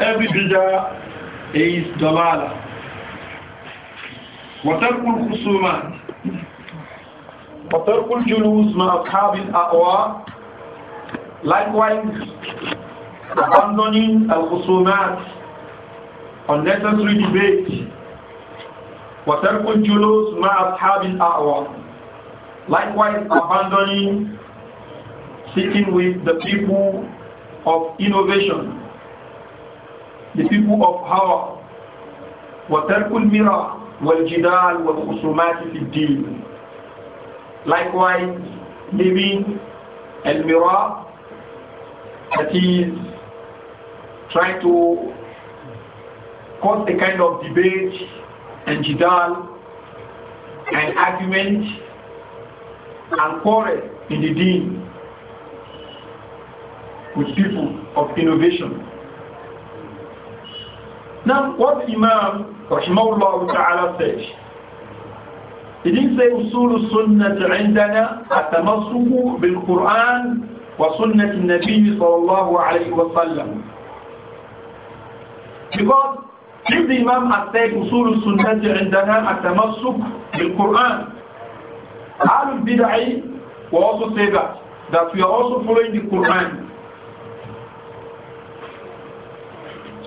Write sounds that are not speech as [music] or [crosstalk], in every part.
every bid'ah is dalalah. Wa tarkul khusumat. Wa tarkul julus ma ashabil a'wa. Likewise, abandoning al-khusumat, unnecessary debate. Wa tarkul julus ma ashabil a'wa. Likewise, abandoning sitting with the people of innovation the people of Hawa وَتَرْكُ الْمِرَى وَالْجِدَالِ وَالْخُصُمَاتِ فِي الدِّينِ Likewise, leaving al-mira that is trying to cause a kind of debate and jidal and argument and quarrel in the deen with people of innovation Now, what Imam Rahimahullah Ta'ala said, he didn't say usul sunnah عندنا التمسك بالقرآن وسنة النبي صلى الله عليه وسلم. Because if the Imam had said usul sunnah عندنا التمسك بالقرآن, Ahlul Bid'ah will also say that, that we are also following the Quran.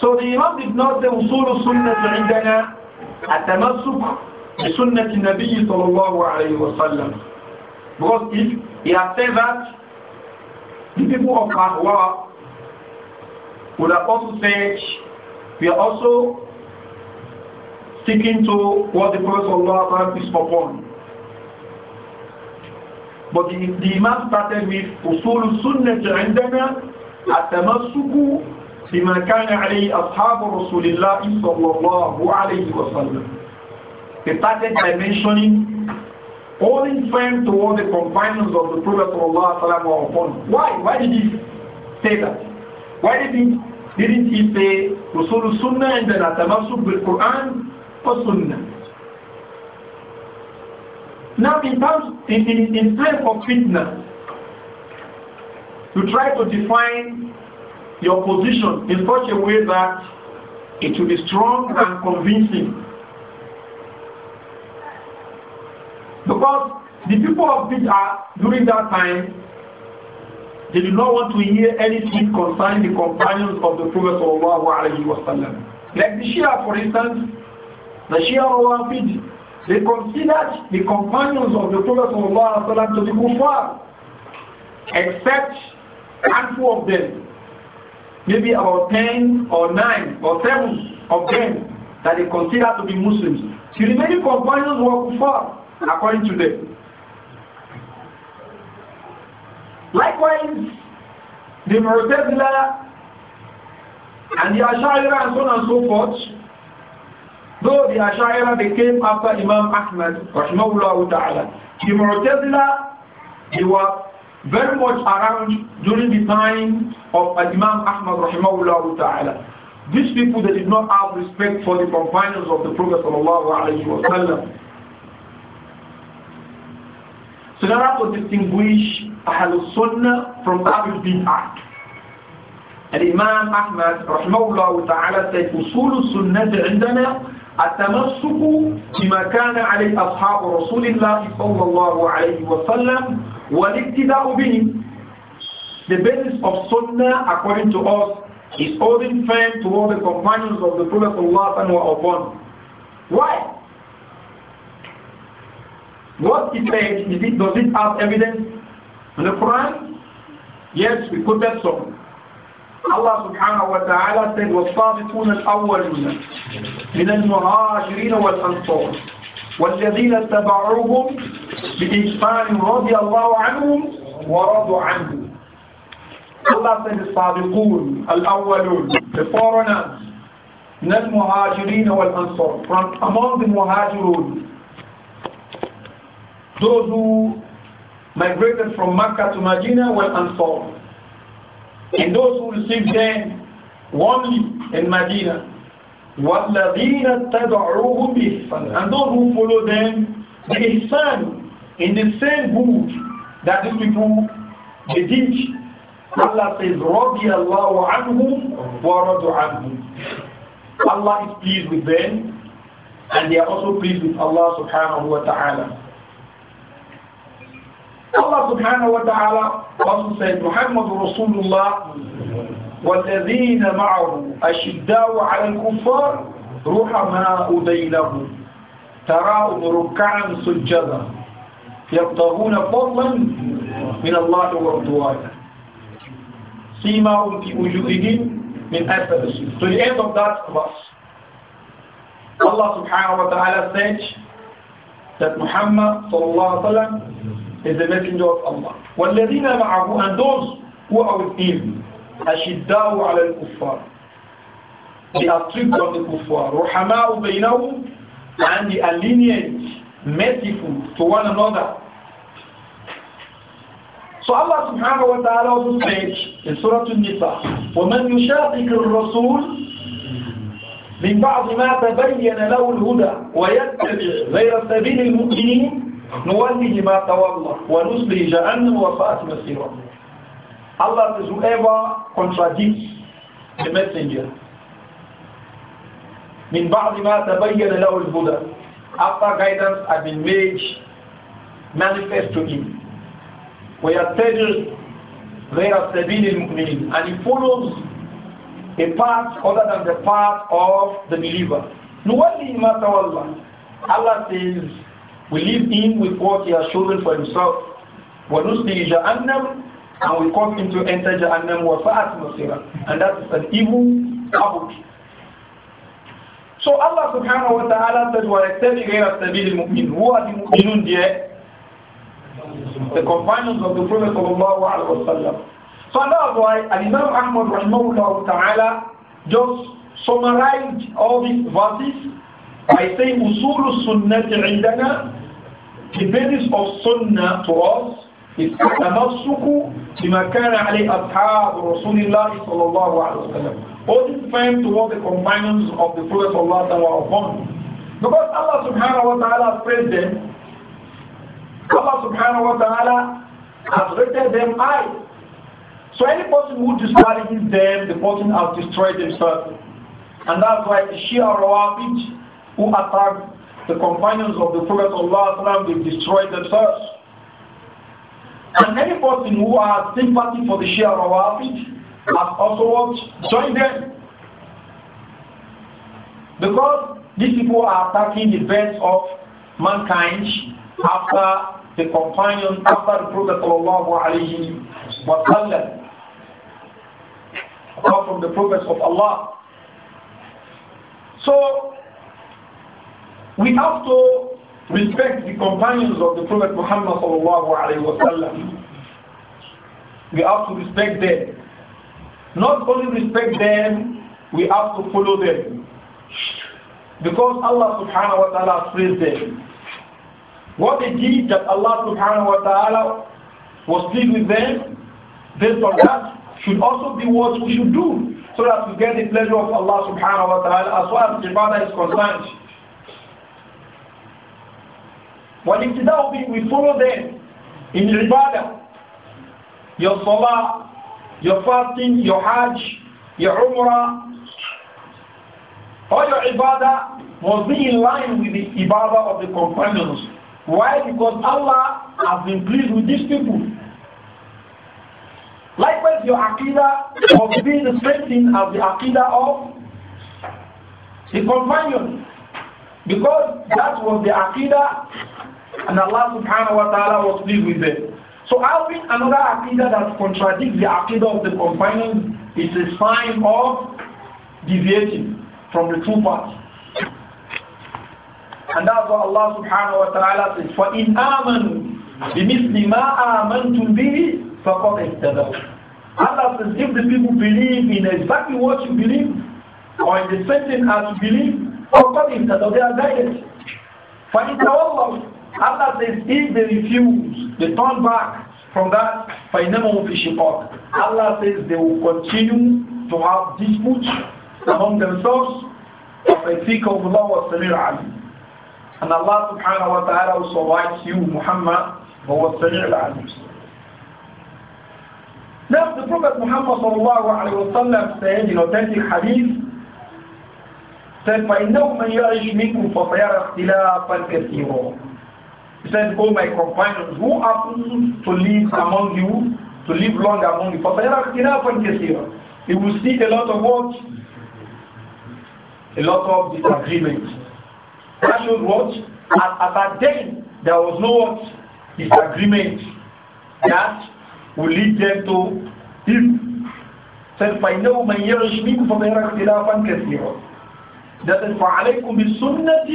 So the Imam did not say usul sunnah عندنا التمسك بسنة النبي صلى الله عليه وسلم. Because if he had said that, the people of Ahwa would have also said, we are also sticking to what the Prophet Allah is upon. But the, the Imam started with usul sunnah عندنا التمسك بما كان عليه أصحاب رسول الله صلى الله عليه وسلم He started by mentioning holding firm to all the companions of the Prophet sallallahu were upon. Why? Why did he say that? Why did he, didn't he say then السنة عندنا Quran or Sunnah? Now in terms in, in, in terms of fitna, to try to define your position in such a way that it will be strong and convincing. Because the people of Bid'ah during that time, they did not want to hear anything concerning the companions of the Prophet wasallam. Like the Shia, for instance, the Shia Rawafid, they considered the companions of the Prophet wasallam to be kuffar, except handful of them maybe about 10 or 9 or 7 of them that they consider to be Muslims. The remaining companions were kuffar, according to them. Likewise, the Mu'tazila and the Ash'ira and so on and so forth, though the Ash'ira they came after Imam Ahmad, rahimahullah ta'ala, the Mu'tazila, they were very much around during the time of Imam Ahmad rahimahullah ta'ala. These people that did not have respect for the companions of the Prophet sallallahu alayhi wa sallam. So there are to distinguish Ahlul Sunnah from Ahlul Bid'ah. And Imam Ahmad rahimahullah ta'ala said, "Usul sunnah عندنا التمسك بما كان عليه أصحاب رسول الله صلى الله عليه وسلم والاقتداء The basis of Sunnah according to us is holding firm to all the companions of the Prophet Allah and were upon. Why? it said, is it, does it have evidence in the Quran? Yes, we quoted some. Allah subhanahu wa ta'ala said, وَالصَّابِقُونَ الْأَوَّلُونَ مِنَ الْمُهَاجِرِينَ وَالْأَنصَارِ وَالَّذِينَ اتَّبَعُوهُمْ بِإِحْسَانٍ رَضِيَ اللَّهُ عَنْهُمْ وَرَضُوا عَنْهُ Allah said, الصادقون الْأَوَّلُونَ The foreigners من المهاجرين والأنصار from among the مهاجرون those who migrated from Makkah to Medina والأنصار And those who receive them warmly in Medina. وَالَّذِينَ اتَّبَعُوهُ بِإِحْسَانٍ And those who follow them the ihsan in the same mood that these people they did. Allah says, رَضِيَ اللَّهُ عَنْهُمْ وَرَضُوا عَنْهُمْ Allah is pleased with them and they are also pleased with Allah subhanahu wa ta'ala. الله سبحانه وتعالى رسول سيد محمد رسول الله والذين معه أشداء على الكفار رحماء بينهم تراهم ركعا سجدا يبتغون فضلا من الله ورضوانه سيماهم في وجوههم من أثر السنة. To the end of that verse. Allah subhanahu wa صلى الله عليه وسلم is the messenger of Allah. وَالَّذِينَ مَعَهُ And those who are with him, أَشِدَّاءُ عَلَى الْكُفَّارِ They are strict on the kuffar. رُحَمَاءُ بَيْنَهُمْ And they are lenient, merciful to one another. So Allah subhanahu wa ta'ala also says in Surah Al-Nisa, وَمَنْ يُشَاقِقِ الرَّسُولِ من بعض ما تبين له الهدى ويتبع غير سبيل المؤمنين نوله ما تولى ونصلي جهنم وساءت مصيرا Allah is whoever contradicts the messenger من بعد ما تبين له الهدى after guidance had been made manifest to him ويتبع غير سبيل المؤمنين and he follows a path other than the path of the believer نولي ما تولى Allah says we leave him with what he has chosen for himself. وَنُسْلِهِ جَهَنَّمْ And we cause him to enter Jahannam وَفَأَتْ مَصِيرًا And that is an evil habit. So Allah subhanahu wa ta'ala said, Who are the mu'minun The companions of the Prophet sallallahu alaihi wasallam. So that's why Imam Ahmad rahimahullah ta'ala just summarized all these verses by saying, "Usul السُّنَّةِ عِنْدَنَا the basis of sunnah to us is tamassuku bima kana alayhi ashab Rasulillah sallallahu alaihi wasallam. sallam. Holding firm to what the companions of the Prophet sallallahu alaihi wasallam, upon. Because Allah subhanahu wa ta'ala praised them. Allah subhanahu wa ta'ala has rated them high. So any person who disparages them, the person has destroyed himself. And that's why the Shia Rawabij who attacked the companions of the Prophet Allah they destroyed themselves. And any person who has sympathy for the Shia Rawafid has also what? them. Because these people are attacking the best of mankind after the companion, after the Prophet Sallallahu Alaihi Wasallam. Apart from the Prophet of Allah. So we have to respect the companions of the Prophet Muhammad sallallahu alaihi wasallam. We have to respect them. Not only respect them, we have to follow them. Because Allah subhanahu wa ta'ala praised them. What they did that Allah subhanahu wa ta'ala was pleased with them, based on that, should also be what we should do so that we get the pleasure of Allah subhanahu wa ta'ala as far well as the Father is concerned. وَالِابْتِدَاءُ we follow them in ibadah. Your salah, your fasting, your hajj, your umrah, all your ibadah must be in line with the ibadah of the companions. Why? Because Allah has been pleased with these people. Likewise, your aqidah must be the same thing as the aqidah of the companions. Because that was the Aqidah and Allah subhanahu wa ta'ala was pleased with them. So having another Aqidah that contradicts the Aqidah of the companions is a sign of deviating from the true path. And that's what Allah subhanahu wa ta'ala says, فَإِنْ are meant to be بِهِ فَقَدْ اِهْتَدَوْا Allah says, if the people believe in exactly what you believe, or in the same thing as you believe, upcoming that they are guided. For in Allah, Allah says, if they refuse, they turn back from that, فَإِنَّمَهُ فِي شِقَاقٍ Allah says they will continue to have disputes among themselves, of Allah, اللَّهُ وَالسَّمِيعُ عَلِيمٌ And Allah subhanahu wa ta'ala will survive you, Muhammad, وَهُوَ السَّمِيعُ الْعَلِيمُ Now the Prophet Muhammad sallallahu alayhi wa sallam said in authentic hadith, said, فَإِنَّهُ مَنْ يَعِشْ مِنْكُمْ فَسَيَرَى اخْتِلَافًا كَثِيرًا He said, oh, my companions, who happens to live among you, to live long among you, فَسَيَرَى اخْتِلَافًا كَثِيرًا He will see a lot of what? A lot of disagreements. That shows what? At, at that day, there was no what? Disagreement that will lead them to if said, فَإِنَّهُ مَنْ يَعِشْ مِنْكُمْ فَسَيَرَى اخْتِلَافًا كَثِيرًا That فَعَلَيْكُمْ بِالسُنَّةِ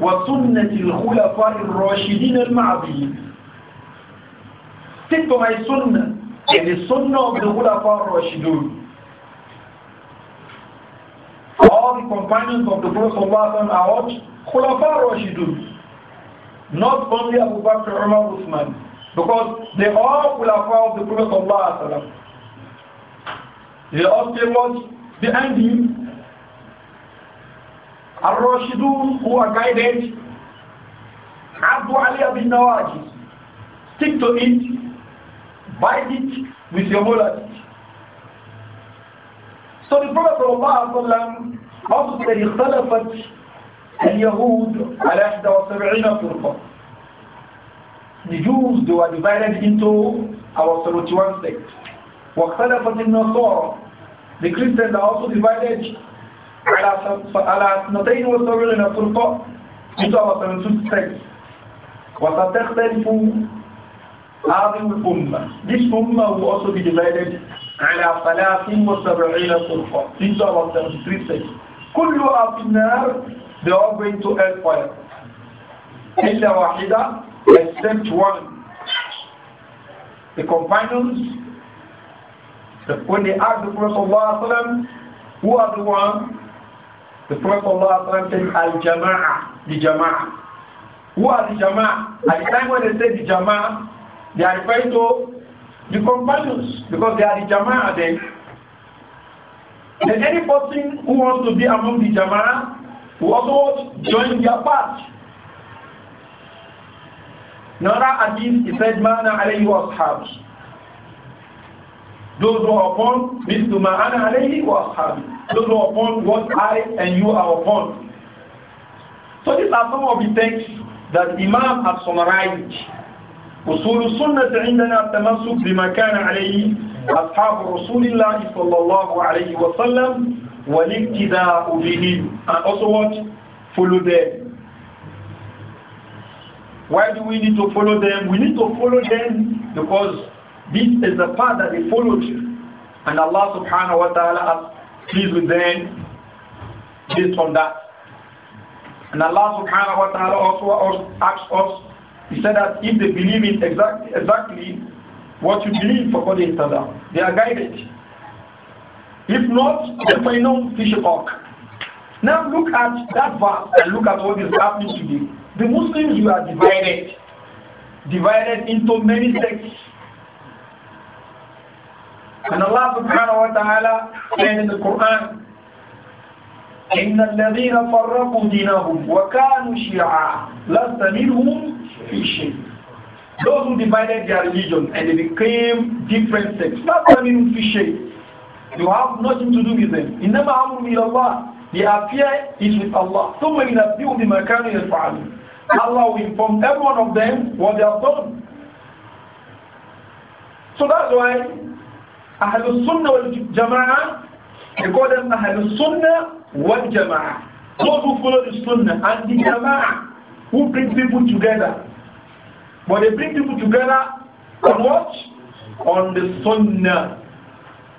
وَسُنَّةِ الْخُلَفَاءِ الرَّاشِدِينَ الْمَعْدِينَ Stick to my sunnah and the sunnah All the companions of the Prophet are what? Khulafa Rashidun. Not only Abu Bakr Umar Uthman. Because they are Khulafa of the Prophet. They all came what? Behind him Ar-Rashidun who are guided, Abu Ali Abi Nawaji, stick to it, bite it with your wallet. So the Prophet ﷺ also said, اختلفت اليهود على 71 فرقة. The Jews, they were divided into our 71 sects. واختلفت النصارى. The Christians are also divided على اثنتين وسبعين فرقة نجا وسبعين سكس وستختلف هذه الأمة This Ummah will also be divided على ثلاث وسبعين فرقة نجا وسبعين سكس كلها في النار They are going to hellfire إلا واحدة except one The companions when they asked the Prophet who are the ones The Prophet Allah said, al Jama'a, the Jama'a. Who are the Jama'a? At the time when they say the Jama'a, they are referring to the companions because they are the Jama'a. then. Then any person who wants to be among the Jama'a, who also join their part. Nara Adil, he said, Mana alayhi wa ashabs. Those who are upon means to my ma'ana alayhi wa happy. Those who are upon what I and you are upon. So these are some of the things that Imam has summarized. أصول السنة عندنا التمسك بما كان عليه أصحاب رسول الله صلى الله عليه وسلم والاقتداء به and also what? Follow them. Why do we need to follow them? We need to follow them because This is the path that they followed. And Allah subhanahu wa ta'ala has pleased with them based on that. And Allah subhanahu wa ta'ala also asks us, He said that if they believe in exactly, exactly what you believe for God is they are guided. If not, they find no fish Now look at that verse and look at what is happening today. The Muslims you are divided, divided into many sects. أن الله سبحانه وتعالى قال في القرآن إن الذين فرقوا دينهم وكانوا شيعا لست منهم في شيء Those who divided their religion and they became different sects, not coming in شيء. You have nothing to do with them. In the أمرهم إلى Allah, the appear is with Allah. So ثم ينبئهم Makani and يفعلون. Allah will inform every one of them what they have done. So that's why Ahlul Sunnah wal Jama'ah, they call them Ahlul Sunnah wal Jama'ah. Those who follow the Sunnah and the Jama'ah, who bring people together. But they bring people together on what? On the Sunnah.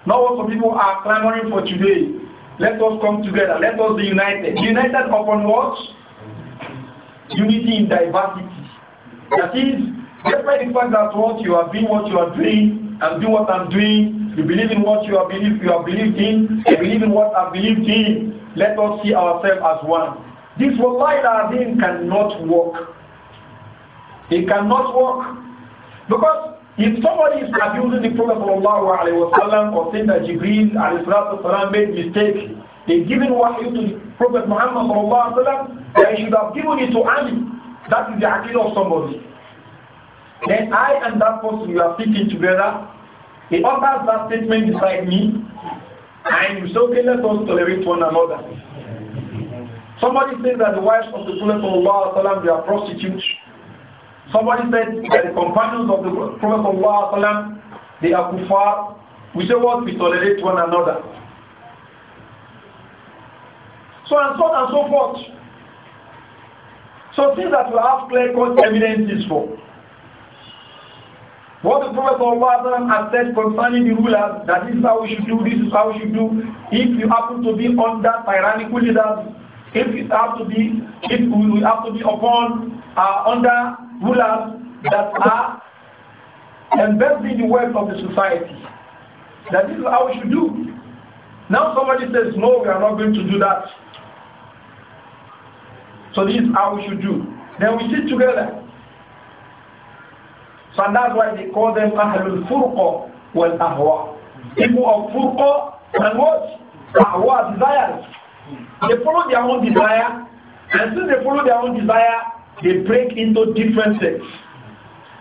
Now, what some people are clamoring for today. Let us come together. Let us be united. United upon what? Unity in diversity. That is, despite the fact that what you are doing, what you are doing, and doing what I'm doing, you believe in what you have believed, you have believed in. I believe in what I believed in. Let us see ourselves as one. This wallahi thing cannot work. It cannot work. Because if somebody is abusing the Prophet wasallam or saying that Jibreel والسلام, made mistake, they given wahyu to the Prophet Muhammad وسلم, they should have given it to Ali. That is the aqidah of somebody. Then I and that person we are speaking together he utters that statement beside me, and you say, okay, let to tolerate one another. Somebody says that the wives of the Prophet ﷺ, they are prostitutes. Somebody said that the companions of the Prophet ﷺ, they are kuffar. We say what? We tolerate one another. So and so on and so forth. So things that we have clear cut evidences for. What the Prophet has said concerning the rulers, that this is how we should do, this is how we should do. If you happen to be under tyrannical leaders, if it have to be, if we have to be upon, uh, under rulers that are investing the wealth of the society, that this is how we should do. Now somebody says, no, we are not going to do that. So this is how we should do. Then we sit together so that's why they call them Ahlul Furqa wal Ahwa. People of Furqa and what? Ahwa, desires. They follow their own desire, and since they follow their own desire, they break into different sects.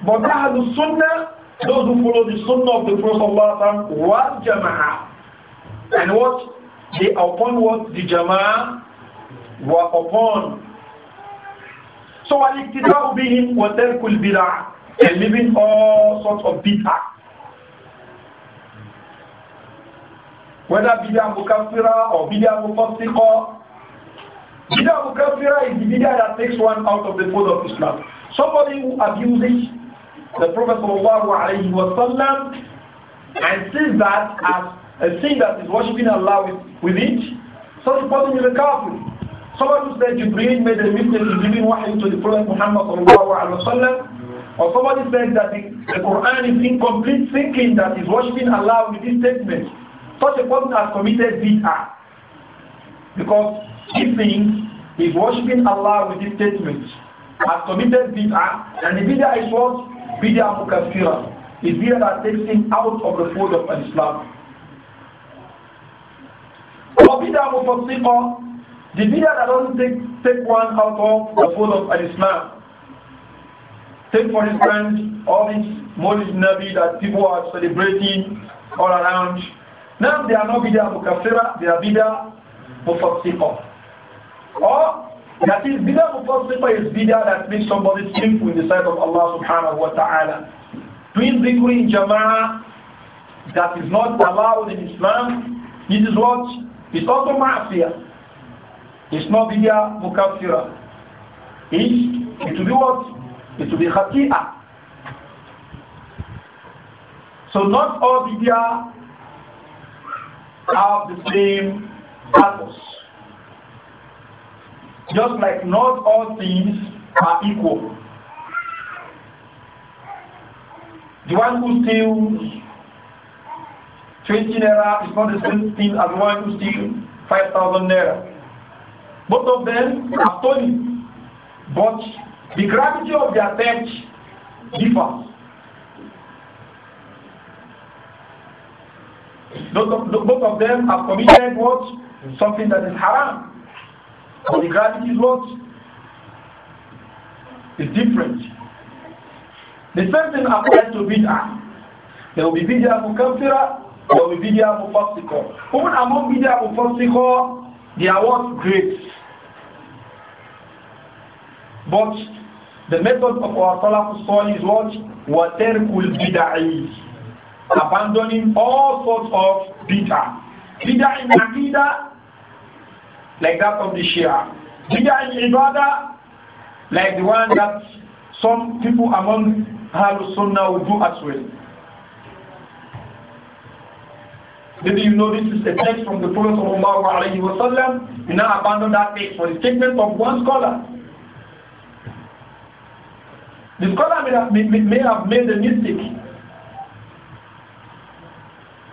But Ahlul Sunnah, those who follow the Sunnah of the Prophet Allah was Jama'ah. And what? They upon what? The Jama'ah were upon. So, al-iqtida'u bihim wa tarkul bid'ah and leaving all sorts of bid'ah. Whether bid'ah mukaffira or bid'ah mufassiqa, bid'ah mukaffira is the bid'ah that takes one out of the fold of Islam. Somebody who abuses the Prophet wasallam and sees that as a thing that is worshipping Allah with, with it, such a person is a kafir. Someone who said Jibreel made a mistake in giving wahyu to the Prophet Muhammad sallallahu alaihi wasallam or somebody says that the, the Quran is incomplete thinking that is worshiping Allah with this statement. Such a person has committed bid'ah. Because he thinks he's worshiping Allah with this statement. Has committed bid'ah, and the bid'ah is what? Bid'ah mukaffirah. the bid'ah that takes him out of the fold of Islam. Or bid'ah mufassiqah, the bid'ah that doesn't take, take one out of the fold of Islam. Take for instance all these Moses Nabi that people are celebrating all around. Now they are not bida Mukafira, they are bida Mufassiqa. Or that is bida Mufassiqa is bida that makes somebody sinful in the sight of Allah subhanahu wa ta'ala. Doing zikri in jama'ah that is not allowed in Islam, this is what? It's also ma'asiyah. It's not bida Mukafira. It's, it will be what? It will be khati'ah. So not all bid'ah have the same purpose. Just like not all things are equal. The one who steals 20 naira is not the same thing as the one who steals 5,000 naira. Both of them are stolen, but the gravity of their theft differs. Both of them have committed what? Something that is haram. But the gravity is what? Is different. The same thing applies to bid'ah. There will be bid'ah mukaffira, there will be bid'ah mufassiqa. Even among bid'ah mufassiqa, they are what? Great. But the method of our Salafus Salih is what? Waterkul bid'ah. Abandoning all sorts of bid'ah. Bid'ah in Aqidah, like that of the Shia. Bid'ah in Ibadah, like the one that some people among Ahlul Sunnah will do as well. Maybe you know this is a text from the Prophet Sallallahu Alaihi Wasallam. You now abandon that text for the statement of one scholar. The scholar may have, may, may have made a mistake.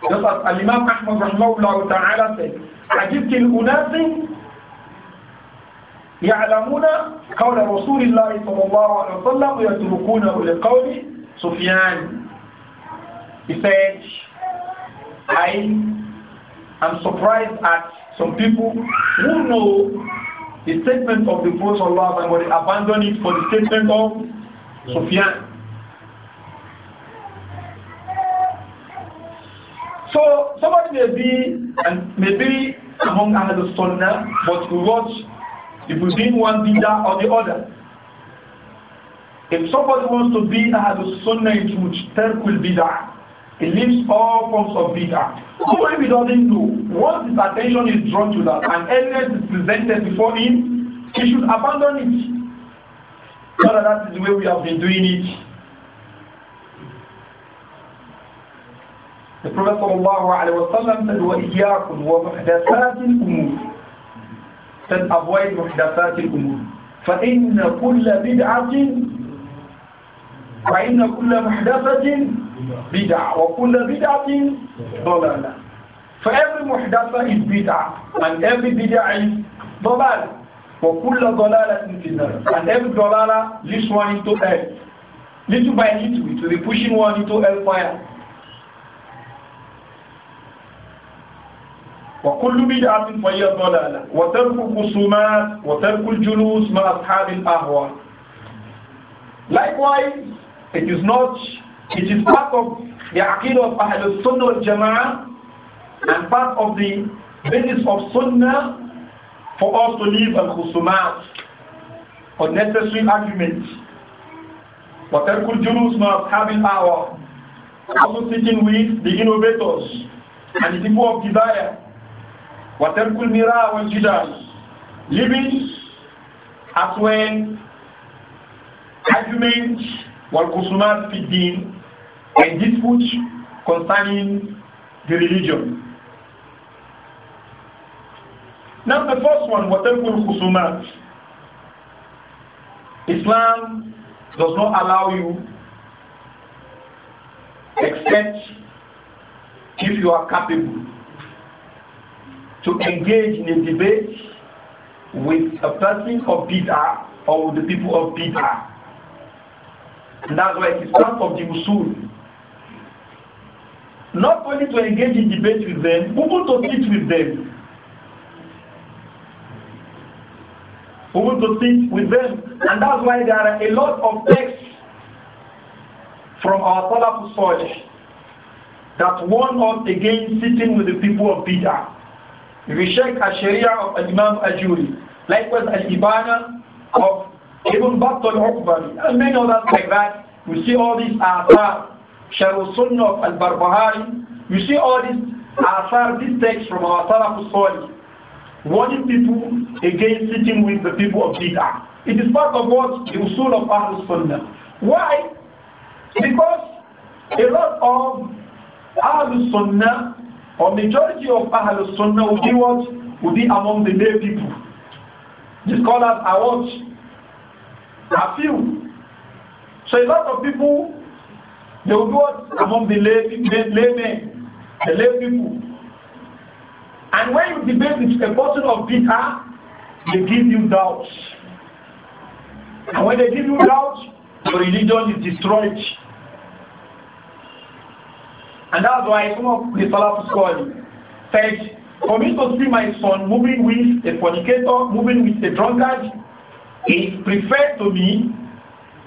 Just as Al-Imam Ahmad Rahmahullah Ta'ala said, عجبت الأناس يعلمون قول رسول الله صلى الله عليه وسلم ويتركونه لقول سفيان. He said, I am surprised at some people who know the statement of the Prophet Allah and would abandon it for the statement of Sufyan. So somebody may be and maybe among Ahlul Sunnah, but we watch if we bring one bidah or the other. If somebody wants to be Ahlul Sunnah, it would terkul bidah. It leaves all forms of bidah. So if he doesn't do. once his attention is drawn to that and evidence is presented before him, he should abandon it. Father, that is the way we have been doing it. The Prophet ﷺ said, وَإِيَّاكُمْ وَمُحْدَثَاتِ الْأُمُورِ Said, avoid محدثات الأمور فَإِنَّ كُلَّ بِدْعَةٍ فَإِنَّ كُلَّ مُحْدَثَةٍ bid'ah wa kullu bid'atin dalalah for every muhdatha is bid'ah and every bid'ah is dalal For kula dalalatin finnar. And every dalala leads one into hell. Little by little, it will be pushing one into hellfire. وكل بدعة فهي ضلالة وترك الخصومات وترك الجلوس مع أصحاب الأهواء Likewise, it is not, it is part of the aqidah of Ahl sunnah and part of the basis of Sunnah for us to leave al-khusumat, unnecessary arguments. وَتَرْكُ الْجُلُوسِ have in الْأَعْوَى Also sitting with the innovators and the people of desire. وَتَرْكُ and وَالْجِدَالِ Living as when arguments وَالْخُصُمَاتِ فِي الدِّينِ and dispute concerning the religion. Now the first one, وَتَرْكُ الْخُصُومَاتِ Islam does not allow you except if you are capable to engage in a debate with a person of bid'ah or with the people of bid'ah. And that's why it is part of the usul. Not only to engage in debate with them, but to sit with them. We want to sit with them. And that's why there are a lot of texts from our Salafus Salih that warn us against sitting with the people of Bid'ah. If you check Sharia of Imam Ajuri, likewise Al-Ibana of Ibn Battal Uqbari, and many others like that, We see all these Athar, Sharul Sunnah of Al-Barbahari, you see all these Athar, these texts from our Salafus Salih warning people against sitting with the people of Bid'ah. It is part of what the usul of Ahlul Sunnah. Why? Because a lot of Ahlul Sunnah or majority of Ahlul Sunnah be what? would be among the lay people. The scholars are what? Are few. So a lot of people, they will be what? Among the lay, lay, laymen, the lay people. And when you debate with a person of bitter, they give you doubts. And when they give you doubts, your religion is destroyed. And that's why some of the Salaf scholars said, for me to see my son moving with a fornicator, moving with a drunkard, is preferred to me,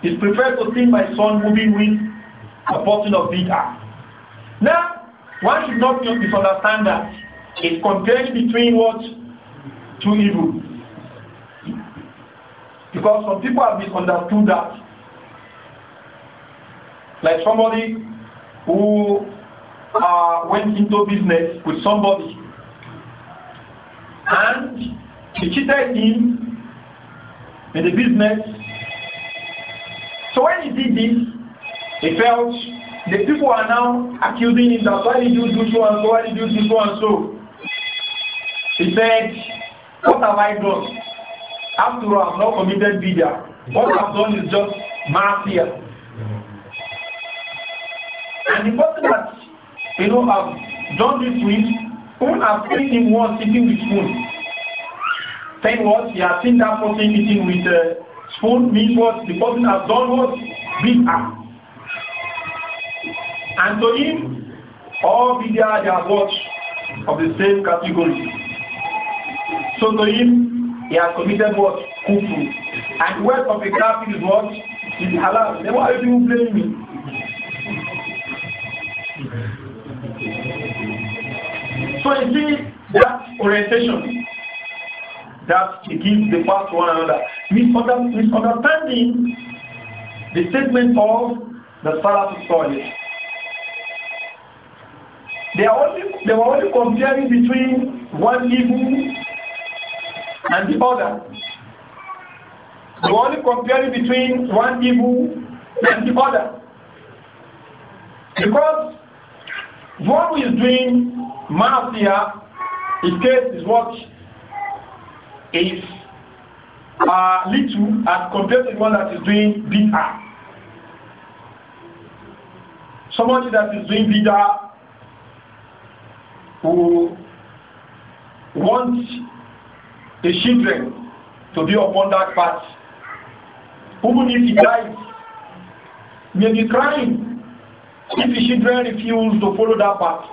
is preferred to see my son moving with a person of bitter. Now, one should not misunderstand that it compares between what? Two evils. Because some people have misunderstood that. Like somebody who uh, went into business with somebody and he cheated him in the business. So when he did this, he felt the people are now accusing him that why did you do so and so, why did you do so and so. He said, What have I done? After all, I've not committed video. What I've done is just mafia. And the person that you know I've done this with, whom I've seen him once eating with spoon. Saying what? He has seen that person eating with uh, spoon means what? The person has done what? Bidder. And to him, all video they are what? Of the same category. So to him, he has committed what? Kufu. And the word of a kafir is what? Is halal. Then why are you me? So you see that orientation that he gives the path to one another. Misunderstanding the statement of the Salafist Salih. They, are only, they were only comparing between one evil and the other. The only comparing between one evil and the other. Because we who is doing mafia, his case is what is uh, little as compared to the one that is doing bid'ah. Somebody that is doing bid'ah who wants the children to be upon that path. Even if he dies, may be crying if the children refuse to follow that path.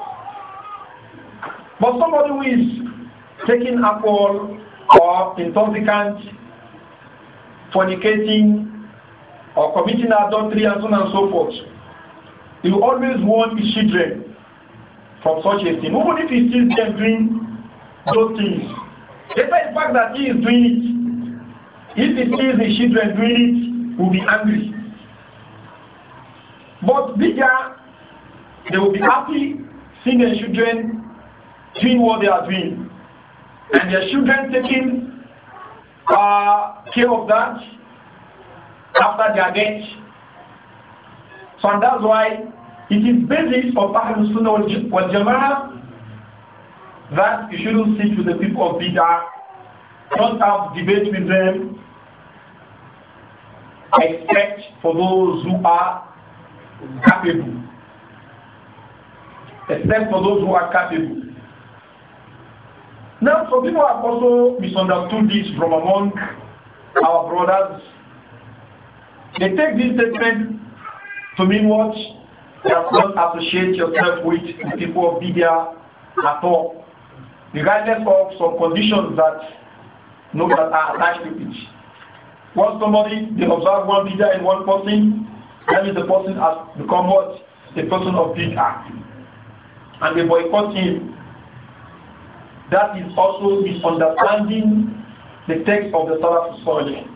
But somebody who is taking alcohol or intoxicant, fornicating, or committing adultery and so on and so forth, he will always warn his children from such a thing. Even if he sees them doing those things, Despite the fact that he is doing it, if he sees his children doing it, will be angry. But bigger, they will be happy seeing their children doing what they are doing. And their children taking uh, care of that after their death. So and that's why it is basis of Ahlul Sunnah wal Jama'ah that you shouldn't sit with the people of Bida, don't have debate with them. Expect for those who are capable. Except for those who are capable. Now, some people have also misunderstood this from among our brothers. They take this statement to mean what? You don't associate yourself with the people of Bida at all regardless of some conditions that no that are attached to it. Once somebody they observe one bid'ah in one person, then the person has become what? A person of bid'ah. And they boycott him. That is also misunderstanding the text of the Salaf Salih.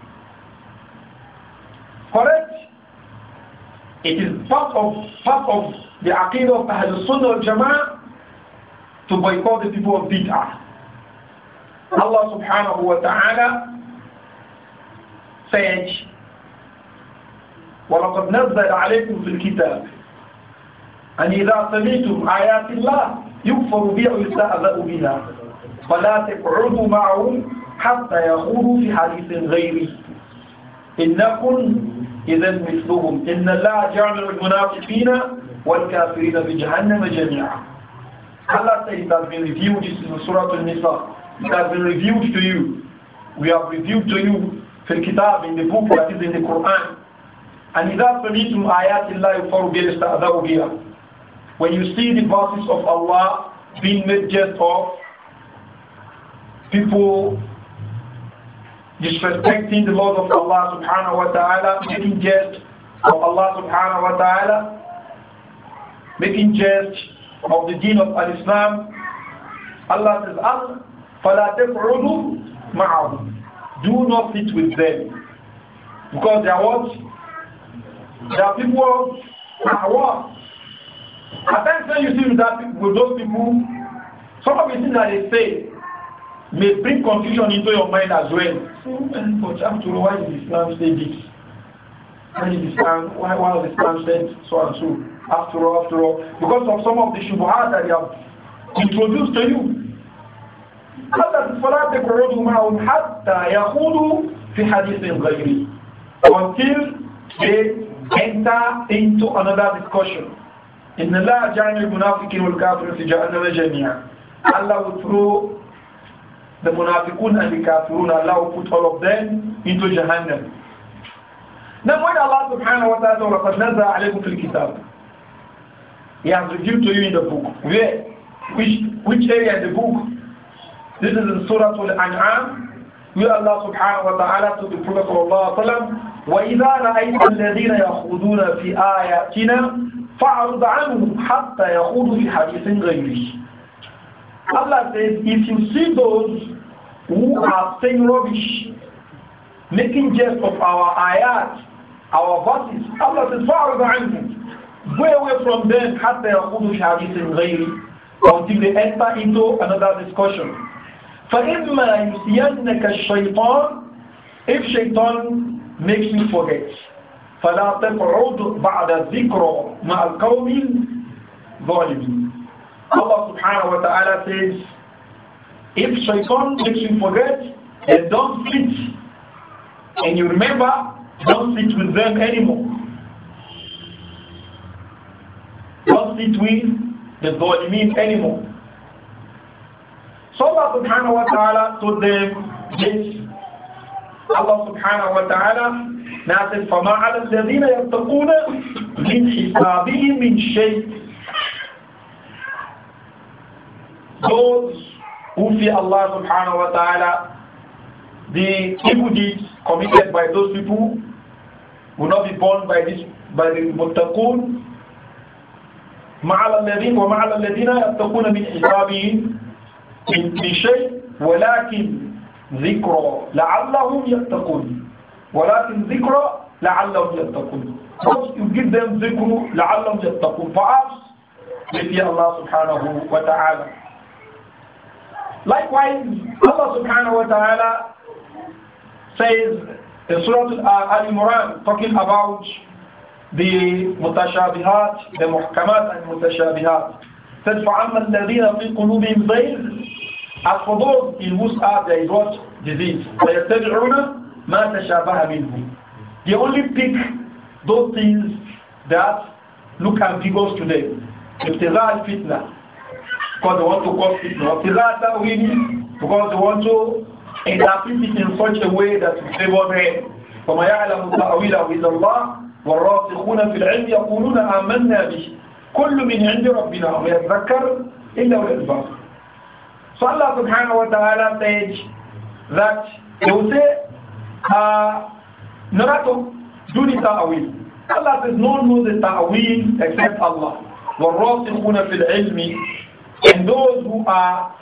Correct? It is part of part of the Aqidah of Ahl Sunnah al Jama'ah to boycott the people of Bid'ah. Allah subhanahu wa ta'ala said, وَلَقَدْ نَزَّلَ عَلَيْكُمْ فِي الْكِتَابِ أَنْ إِذَا سَمِيتُمْ آيَاتِ اللَّهِ يُكْفَرُ بِهَا وَيُسْتَهْزَأُ بِهَا فَلَا تَقْعُدُوا مَعَهُمْ حَتَّى يَخُوضُوا فِي حَدِيثٍ غَيْرِهِ إِنَّكُمْ إِذًا مِثْلُهُمْ إِنَّ اللَّهَ جَعَلَ الْمُنَافِقِينَ وَالْكَافِرِينَ بِجَهَنَّمَ جميعا Allah says it has been revealed, this is the Surah Al-Nisa. It has been revealed to you. We have revealed to you the kitab in the book that is in the Quran. And إِذَا سَمِيتُمْ آيَاتِ اللَّهِ فَرُبِيَ اسْتَأْذَوْا بِهَا When you see the verses of Allah being made jest of, people disrespecting the laws of Allah subhanahu wa ta'ala, making jest of Allah subhanahu wa ta'ala, making jest of the deen of al-Islam, Allah says, "Al فَلَا تَقْعُدُوا مَعَهُمْ Do not sit with them. Because they are what? They are people who are what? At times when you see with, that, with those people, some of the things that they say may bring confusion into your mind as well. So, but after all, why did Islam say this? Why did Islam, why, why was Islam said so and so? after all, after all, because of some of the shubhat that they have introduced to you. معهم حتى يخوضوا في حديث until they enter into another discussion. إن الله جعل المنافقين والكافرين في جهنم جميعا. Allah will throw the munafiqun and the kafirun. Allah will put all of them into Jahannam. Then when Allah subhanahu wa ta'ala وَقَدْ نَزَّلَ عَلَيْكُمْ فِي الْكِتَابِ He has revealed to you in the book. Where? Which, which area in the book? This is in Surah Al-An'am, where Allah subhanahu wa ta'ala to the Prophet sallallahu alayhi wa sallam, وَإِذَا رَأَيْتَ الَّذِينَ يَخُوضُونَ فِي آيَاتِنَا فَعَرُضْ عَنْهُمْ حَتَّى يَخُوضُوا فِي حَدِيثٍ غَيْرِهِ Allah says, if you see those who are saying rubbish, making jest of our ayat, our verses, Allah says, فَعَرُضْ عَنْهُمْ Go away from them حتى يقولوا شعبيت غيري until they enter into another discussion. فإما يسينك Shaitan, if shaitan makes you forget فلا تقعد بعد الذكر مع القوم الظالمين Allah subhanahu wa ta'ala says if shaitan makes you forget then don't sit and you remember don't sit with them anymore constitute not body with the Zalimin anymore. So Allah subhanahu wa ta'ala told them this. Allah subhanahu wa ta'ala now says, فَمَا عَلَى الَّذِينَ يَتَّقُونَ مِنْ حِسَابِهِمْ مِنْ شَيْءٍ Those who fear Allah subhanahu wa ta'ala, the evil deeds committed by those people will not be borne by this by the muttaqun مع الذين ومع الذين يتقون من حسابهم من شيء ولكن ذكر لعلهم يتقون ولكن ذكر لعلهم يتقون جدا ذكر لعلهم يتقون فأبس بدي الله سبحانه وتعالى Likewise, Allah subhanahu wa ta'ala says in Surah Al-Imran talking about بمتشابهات بمحكمات المتشابهات تدفع عما الذين في قلوبهم زيغ في الوسعى بأيضوات got ويتبعون ما تشابه منه they only pick those things that look ambiguous to them ابتغاء الفتنة because they want to cause fitna ابتغاء تأويل because they want to interpret it in such a way that will favor them فما يعلم تأويله إلا الله والراسخون في العلم يقولون آمنا به كل من عند ربنا ويتذكر إلا ويتذكر So Allah subhanahu wa ta'ala said that they will say, uh, Narato, do the ta'awil. Allah says, no one knows the ta'awil except Allah. وَالرَّاسِخُونَ فِي الْعِلْمِ And those who are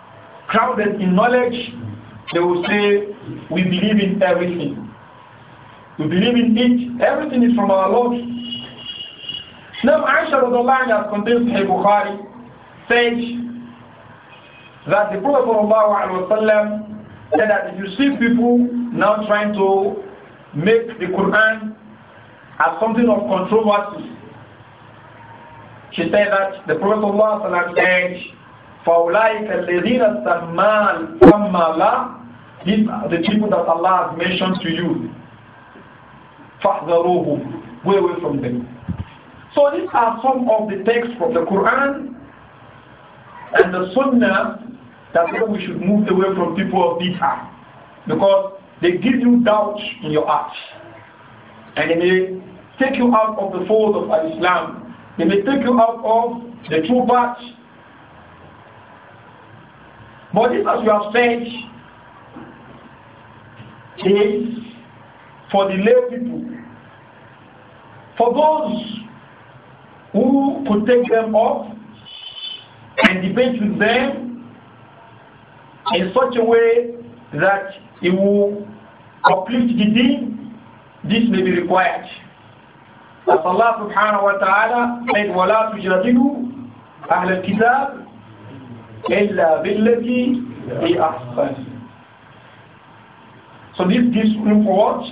crowded in knowledge, they will say, we believe in everything. We believe in it. Everything is from our Lord. Now, Aisha of the line that contains Sahih Bukhari says that the Prophet ﷺ said that if you see people now trying to make the Quran as something of controversy, she said that the Prophet ﷺ said, فَأُولَٰئِكَ الَّذِينَ the الْفَمَّا لَهُ These are the people that Allah has mentioned to you. فَأْذَرُوهُمْ Go away from them. So these are some of the texts from the Quran and the Sunnah that we should move away from people of time. because they give you doubt in your heart and they may take you out of the fold of Islam. They may take you out of the true path. But this, as you have said, is for the lay people, for those who could take them up and debate with them in such a way that it will uplift the deen, this may be required. As Allah subhanahu wa ta'ala said, وَلَا تُجَادِلُوا أَهْلَ الْكِتَابِ إِلَّا بِالَّتِي هِيَ أَحْسَنُ So this gives room for what?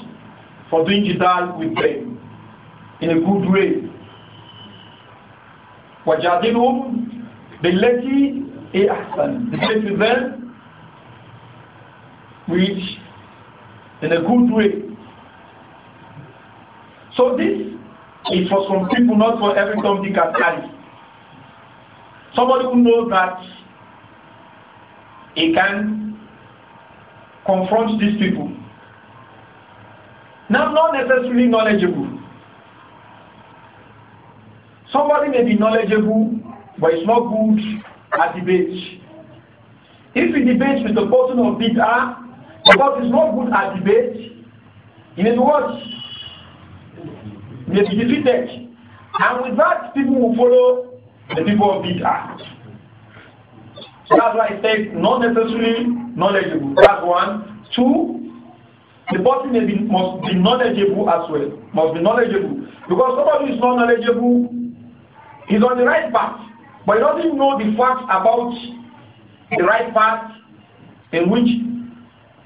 for doing jihad with them in a good way. وَجَادِلُهُمْ بِالَّتِي أَحْسَنُ Relate with them which in a good way. So this is for some people, not for every company can carry. Somebody who knows that he can confront these people now, not necessarily knowledgeable. Somebody may be knowledgeable, but it's not good at debate. If he debates with the person of bid'ah, because he's not good at debate, in other words, He may be defeated. And with that, people will follow the people of bid'ah. So that's why I said not necessarily knowledgeable. That's one. Two, the person be, must be knowledgeable as well. Must be knowledgeable. Because somebody who is not knowledgeable, he's on the right path, but he doesn't know the facts about the right path in which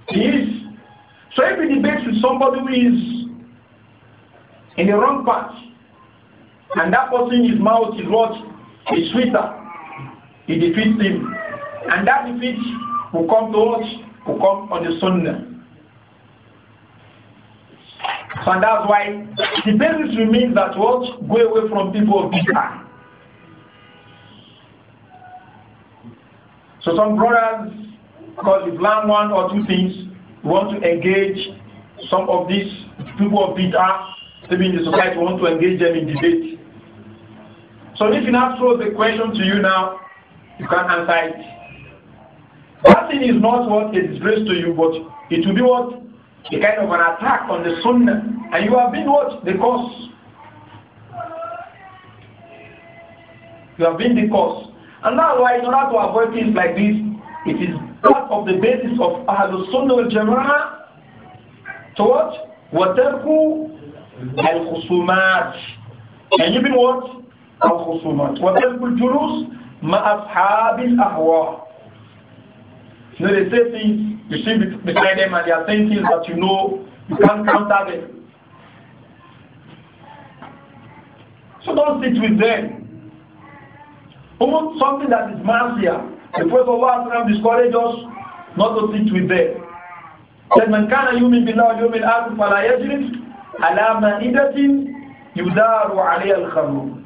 he is. So if he debates with somebody who is in the wrong path, and that person his mouth is what is sweeter, he defeats him. And that defeat will come to us, will come on the sunnah. And that's why the basis remains that what? Go away from people of Peter. So some brothers, because you've learned one or two things, want to engage some of these people of Peter, maybe in the society, want to engage them in debate. So if you now throw the question to you now, you can answer it. That thing is not what it is disgrace to you, but it will be what? A kind of an attack on the sunnah. And you have been what? The cause. You have been the cause. And that's why in order to avoid things like this, it is part of the basis of Ahlul Sunnah wal Jama'ah to what? al الْخُصُومَاتِ And you've been what? الخصومات وترك الجلوس مع أصحاب ahwa. You know, they say things, you see beside them and they are saying things that you know, you can't counter them. So don't sit with them. Almost something that is massive. The of Prophet Allah discourage us not to sit with them. Said, من كان يؤمن بالله واليوم الآخر فلا يجلس على مائدة يدار عليها الخمر.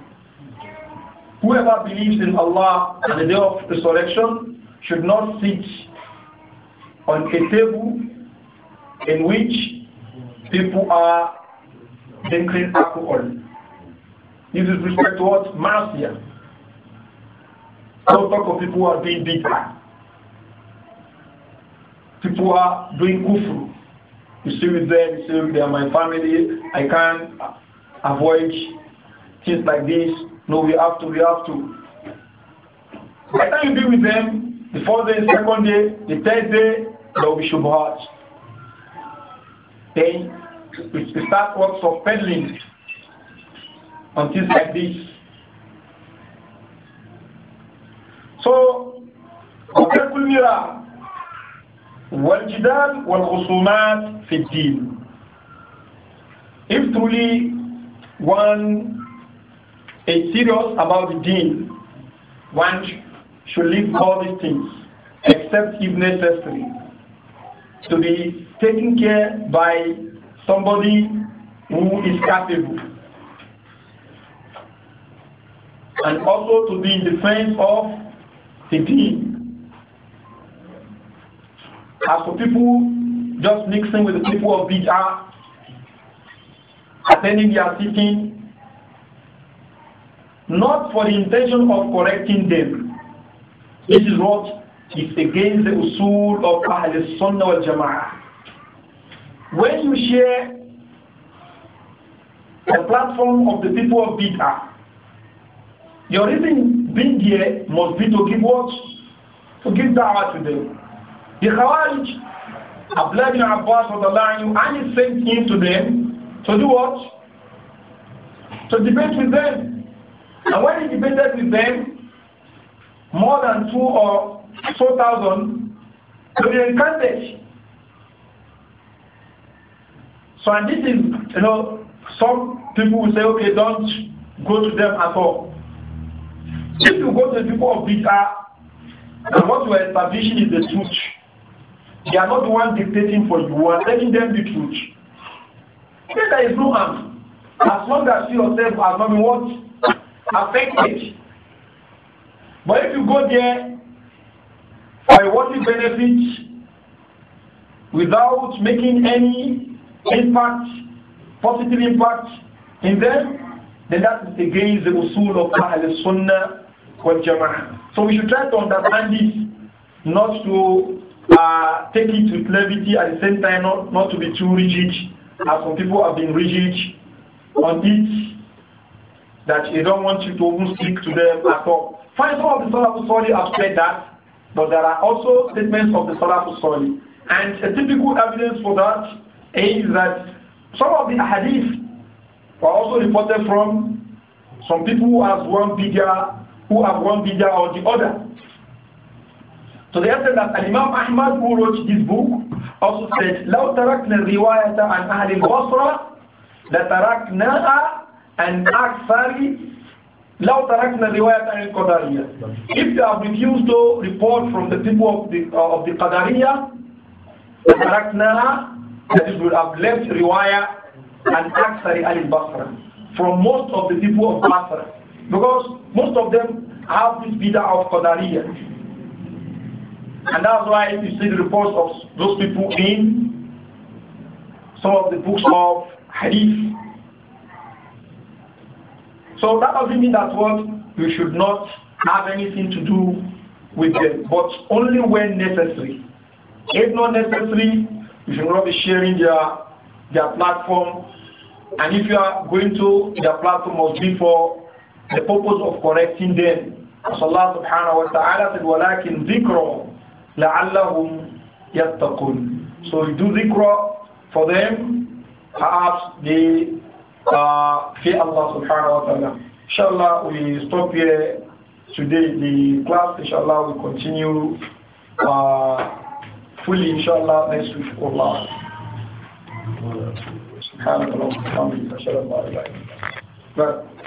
Whoever believes in Allah and the day of resurrection should not sit on a table in which people are drinking alcohol. This is respect to what? Marcia. Don't talk of people who are being bigger. People who are doing kufu. You see with them, you see with them, my family, I can't avoid things like this. No, we have to, we have to. By the time you be with them, the fourth day, the second day, the third day, there will be shubhat. Then, we start works of peddling on things like this. So, وترك المراء والجدال والخصومات في الدين. If truly one is serious about the deen, one should leave all these things except if necessary to be taken care by somebody who is capable. and also to be in defense of the As for people just mixing with the people of Bid'ah, attending their sitting, not for the intention of correcting them. This is what is against the usul of Ahl Sunnah wal Jama'ah. When you share the platform of the people of Bid'ah, your reason being there must be to give what? To give da'wah to them. The Khawarij, Abdullah ibn Abbas the allowing you and he sent him to them to do what? To debate with them. And when he debated with them, more than two or four thousand, to be encountered. So and this is, you know, some people will say, okay, don't go to them at all. If you go to the people of Bita, and what you are establishing is the truth. They are not the one dictating for you. You are telling them the truth. Then there is no harm. As long as you yourself are not been what? Affected. But if you go there for a worthy benefit without making any impact, positive impact in them, then that is against the usul of Ahl Sunnah wal jama'ah. So we should try to understand this, not to uh, take it with levity at the same time, not, not to be too rigid, as some people have been rigid on it, that they don't want you to even speak to them at all. Find some of the Salafus Sali have said that, but there are also statements of the Salafus Sali. And a typical evidence for that is that some of the hadith were also reported from some people who has one bigger who have one bidah or the other. So have said that Imam Ahmad who wrote this book also said, لو تركنا الرواية عن أهل البصرة لتركناها عن أكثر لو تركنا الرواية عن القدرية. If they have refused to report from the people of the, uh, of the Qadariya, لتركناها that it would have left riwayah and Aksari al basra from most of the people of Basra. Because most of them have this bidah of Qadariyah. And that's why you see the reports of those people in some of the books of Hadith. So that doesn't mean that what you should not have anything to do with them, but only when necessary. If not necessary, you should not be sharing their their platform. And if you are going to, their platform must be for the purpose of correcting them. As Allah subhanahu wa ta'ala said, وَلَكِنْ ذِكْرُ لَعَلَّهُمْ يَتَّقُونَ So we do dhikr for them, perhaps they uh, fear Allah subhanahu wa ta'ala. Inshallah, we stop here today, the class. Inshallah, we continue uh, fully, inshallah, next week. Allah. سبحانك اللهم وبحمدك اشهد ان لا اله الا انت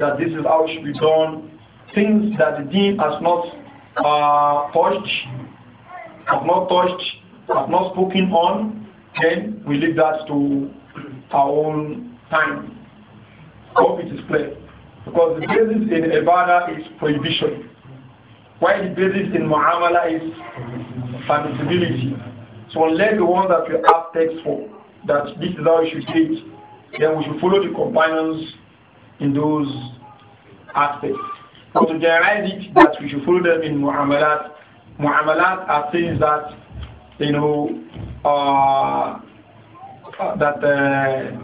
that this is how it should be done. Things that the dean has not uh, touched, have not touched, have not spoken on, then we leave that to our own time. I hope it is clear. Because the basis in Ibadah is prohibition, while the basis in Muamala is permissibility. So unless the one that we have text for, that this is how it should be, then we should follow the companions in those aspects. But to generalize it that we should follow them in mu'amalat, mu'amalat are things that, you know, uh, uh that uh,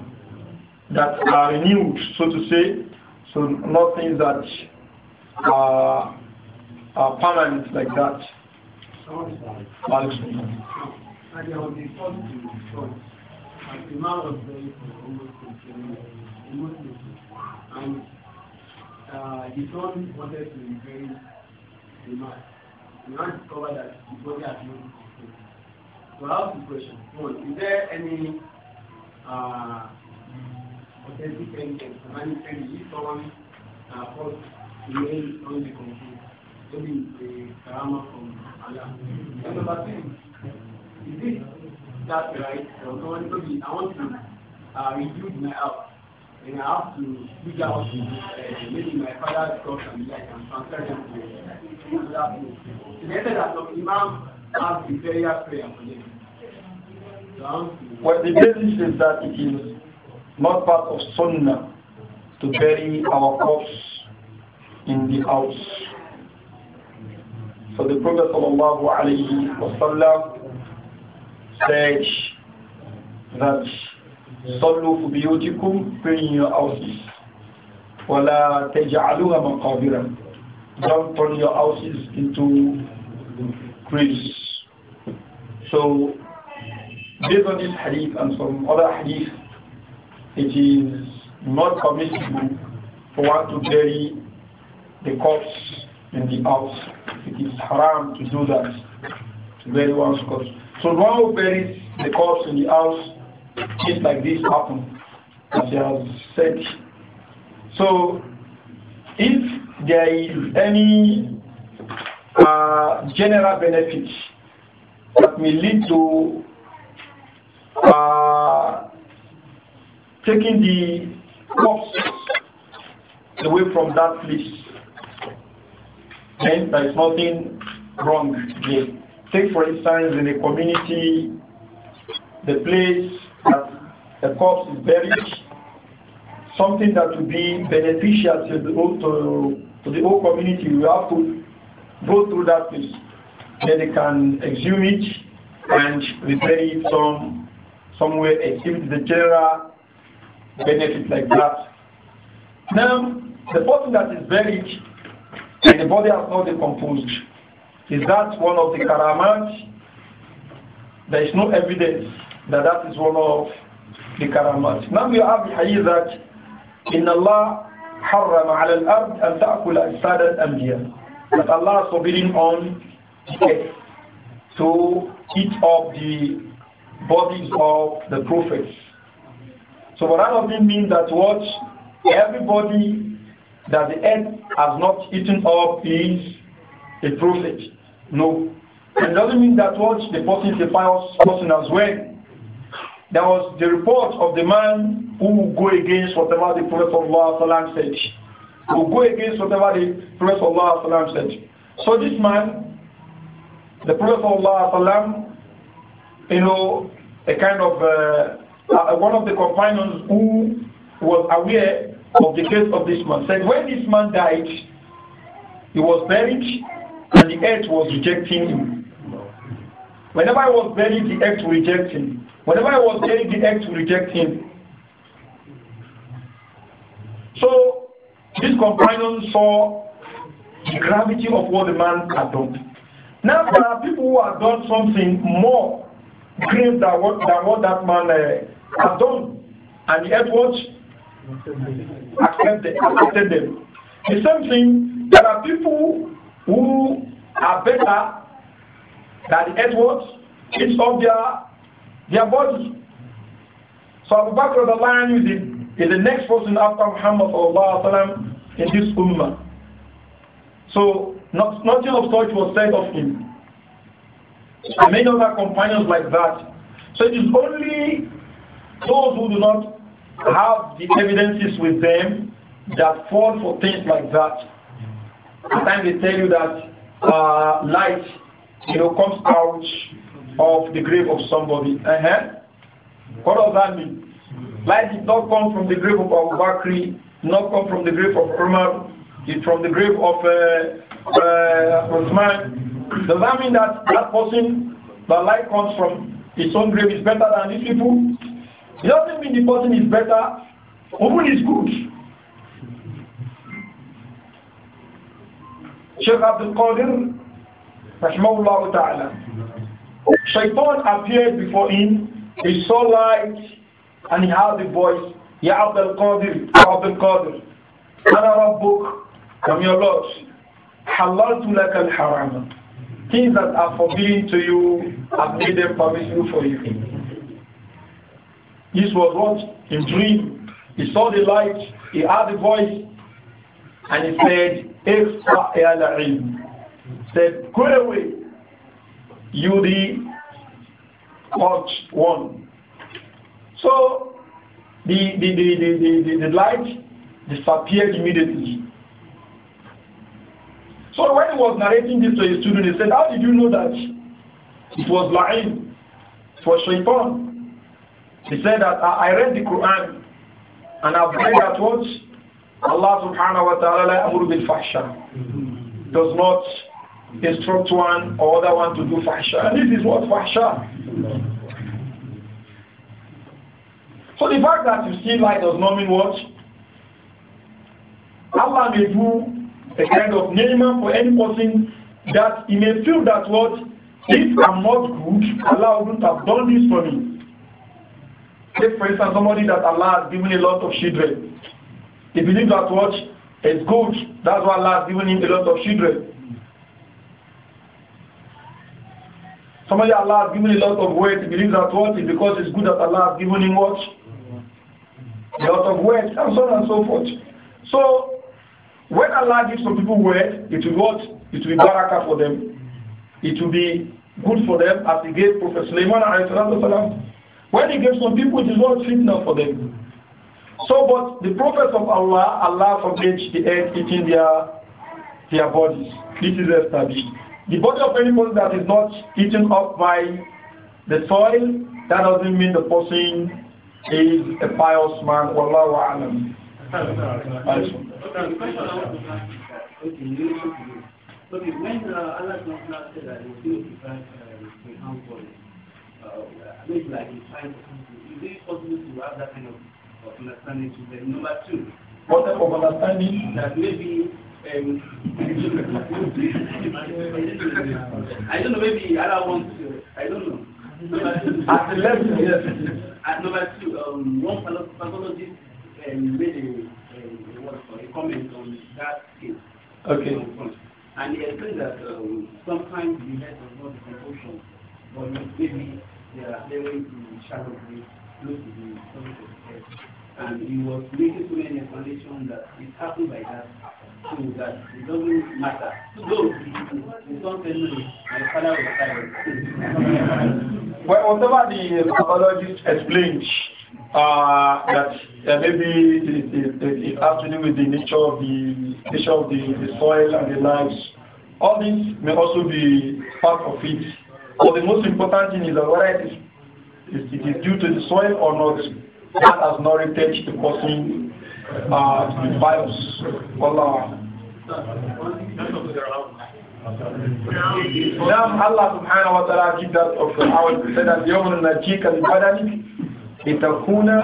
that are renewed, so to say, so not things that are, uh, are permanent like that and uh, son wanted to bury the man. The man discovered that the body had been So I question, one, is there any uh, authentic evidence surrounding any if someone uh, falls remain on the conflict? Maybe the from Allah. And number three, is this that right? So, I want to uh, reduce my house and I have to figure out uh, maybe my father's crops and I am to uh, said that the Imam has prayer for well, the basis is that it is not part of Sunnah to bury our corpse in the house. So the Prophet sallallahu alayhi wasallam said that صلوا في بيوتكم pray in your houses ولا تجعلوها مقابرا don't turn your houses into graves so based on this hadith and some other hadith it is not permissible for one to bury the corpse in the house it is haram to do that to bury one's corpse so one who buries the corpse in the house things like this happen, as I have said. So, if there is any uh, general benefit that may lead to uh, taking the costs away from that place, then there is nothing wrong Take, for instance, in a community, the place a corpse is buried, something that will be beneficial to the whole, to, to the whole community. We have to go through that place. Then they can exhume it and repair it some, somewhere, exhibit the general benefit like that. Now, the person that is buried and the body has not decomposed, is that one of the karamat? There is no evidence that that is one of the karamat. Now we have the hadith that in Allah حرم على الأرض أن تأكل أجساد الأنبياء that Allah is forbidding on the to eat of the bodies of the prophets. So what that does it mean that what everybody that the earth has not eaten up is a prophet. No. It doesn't mean that what the person is a pious person as well there was the report of the man who will go against whatever the Prophet of Allah said. Who will go against whatever the Prophet of Allah said. So this man, the Prophet of Allah, you know, a kind of uh, one of the companions who was aware of the case of this man said, when this man died, he was buried and the earth was rejecting him. Whenever I was buried, the earth rejected him. Whenever I was saying the ex will reject him. So this companion saw the gravity of what the man had done. Now there are people who have done something more grave than what, than what that man uh, had done. And the Edwards Accepted, accepted them. The same thing, there are people who are better than the Edwards. It's obvious. their their bodies. So Abu Bakr the lion is the, is the next person after Muhammad sallam, in this ummah. So not, nothing of such was said of him. And many other companions like that. So it is only those who do not have the evidences with them that fall for things like that. Sometimes they tell you that uh, light, you know, comes out of the grave of somebody. Uh-huh. What does that mean? Light did not come from the grave of Abu Bakr, not come from the grave of Umar, from the grave of uh, uh, Uthman. Does that mean that that person, the light comes from his own grave, is better than these people? It doesn't mean the person is better, even is good. Sheikh Abdul Qadir, Rahmahullah Ta'ala, Shaitan appeared before him. He saw light and he heard the voice, Ya Abdul Qadir, Abdul Qadir, Ana Rabbuk, from your Lord, Halaltu lak al haram. Things that are forbidden to you, I've made them permissible for you. This was what? In dream. He saw the light, he heard the voice, and he said, Said, go away you the one. So the, the, the, the, the, the light disappeared immediately. So when he was narrating this to his student, he said, How did you know that it was lying? It was shaitan. He said that I read the Quran and I've read that what Allah subhanahu wa ta'ala amuru bil fahsha does not instruct one or other one to do fasha. And this is what fasha. So the fact that you see light does not mean what? Allah may do a kind of name for any person that he may feel that what if I'm not good, Allah wouldn't have done this for me. Take for instance somebody that Allah has given a lot of children. He believes that what is good. That's why Allah has given him a lot of children. Somebody Allah has given a lot of weight, he believes that what is because it's good that Allah has given him what? A lot of weight, and so on and so forth. So, when Allah gives some people weight, it will what? It will be barakah for them. It will be good for them as he gave Prophet Sulaiman When he gave some people, it is what? Fitna for them. So, but the prophets of Allah, Allah forbids the earth eating their, their bodies. This is established. The body of any person that is not eaten up by the soil, that doesn't mean the person is a pious man. Wallahu a'lam. Okay, when uh, Allah said that he will divide the handful, uh, maybe like in five or something, is it possible to have that kind of, of understanding to them? Number two, what type of understanding? That maybe um, I don't know, maybe other ones, uh, I don't know. At 11, yes. At number two, um, one pathologist um, made a, a, a, a comment on that case. Okay. And he explained that um, sometimes the head was not compulsion, but maybe they are failing to shadow the close to the and he was making so many explanations that it happened by that, so that it doesn't matter. So the son said no, my father was [laughs] well, whatever the pathologist explained, uh, that uh, maybe it, it, it, it has to do with the nature of the nature of the, the soil and the lives. All this may also be part of it. But the most important thing is that whether it is, it is due to the soil or not that has not repented the person uh, to be pious. Uh, Allah. نعم الله سبحانه وتعالى keep that of our said that يوم نجيك ببدنك لتكون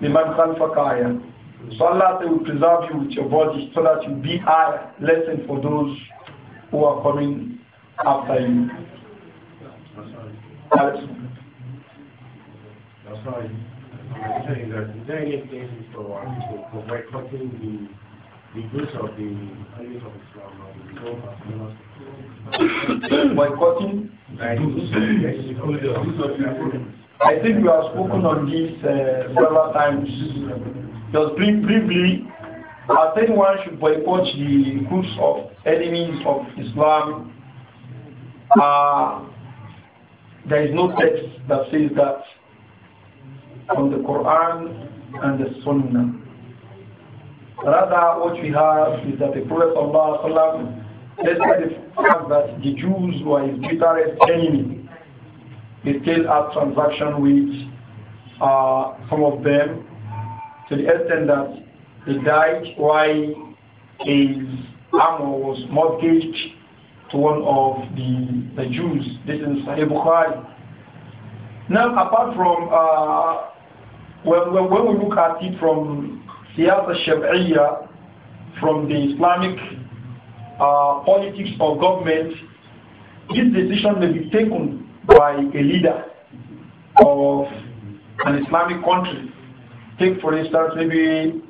لمن خلفك آية So Allah will preserve you with your body so that you be a lesson for those who are coming after you. That's right. That's right saying that is there anything place for us to provide cutting the the goods of the enemies of Islam or the people boycotting? I think we have spoken on this uh, several times. Just briefly, I think one should boycott the groups of enemies of Islam. Uh, there is no text that says that from the Quran and the Sunnah. Rather, what we have is that the Prophet ﷺ despite the fact that the Jews were his bitterest enemy, he still had transaction with uh, some of them to the extent that he died while his armor was mortgaged to one of the, the Jews. This is Sahih Bukhari. Now, apart from uh, when, when, when we look at it from Siyasa Shab'iyya, from the Islamic uh, politics or government, this decision may be taken by a leader of an Islamic country. Take, for instance, maybe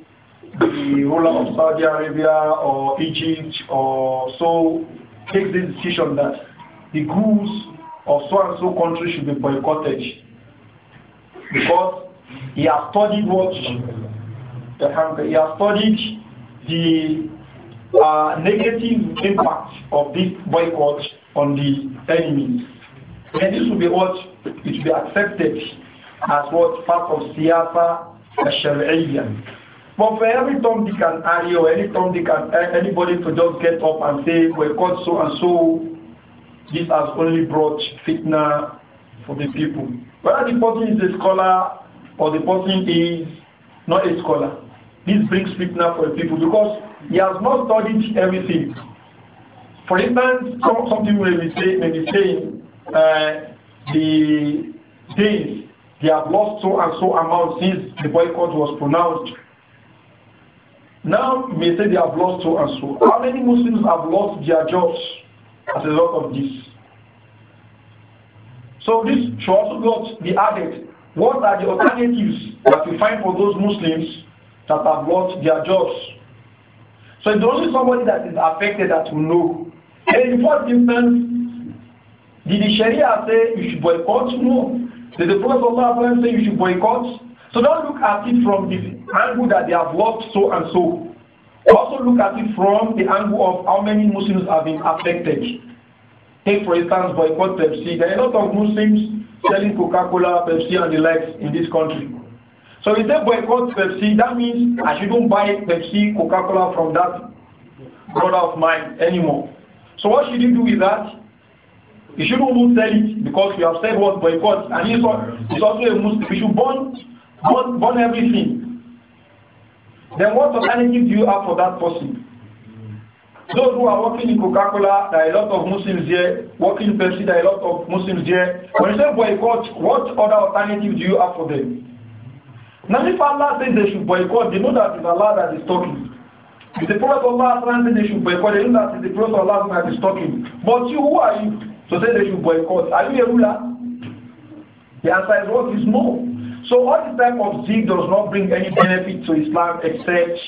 the ruler of Saudi Arabia or Egypt or so Take the decision that the goods of so and so country should be boycotted because he has studied what? He has studied the uh, negative impact of this boycott on the enemies. And this will be what? It will be accepted as what part of Siyasa Shari'iyya. But for every Tom, Dick and Harry or any Tom, Dick and uh, anybody to just get up and say, well, God so and so, this has only brought fitna for the people. Whether the person is a scholar or the person is not a scholar. This brings fitna for people because he has not studied everything. For instance, some, people may be, may be saying uh, the days they have lost so and so amount since the boycott was pronounced. Now we say they have lost so and so. How many Muslims have lost their jobs as a result of this? So this should also be added what are the alternatives that we find for those Muslims that have lost their jobs? So it's only somebody that is affected that will know. And in what instance, did the Sharia say you should boycott? No. Did the Prophet Allah say you should boycott? So don't look at it from the angle that they have lost so and so. Also look at it from the angle of how many Muslims have been affected. Take for instance boycott Pepsi. There are a lot of Muslims selling Coca-Cola, Pepsi, and the likes in this country. So if they boycott Pepsi, that means I shouldn't buy Pepsi, Coca-Cola from that brother of mine anymore. So what should you do with that? You shouldn't sell it because you have said what boycott, and he's also a Muslim. You should burn, burn, burn everything. Then what alternative do you have for that person? Those who are working in Coca-Cola, there are a lot of Muslims here. Working in Pepsi, there are a lot of Muslims here. When you say boycott, what other alternative do you have for them? Now if Allah says they should boycott, they know that it's Allah that is talking. If the Prophet Allah says they should boycott, they know that it's the Prophet Allah that is talking. But you, who are you? So say they should boycott. Are you a ruler? The answer is what is no. So all this type of zeal does not bring any benefit to Islam except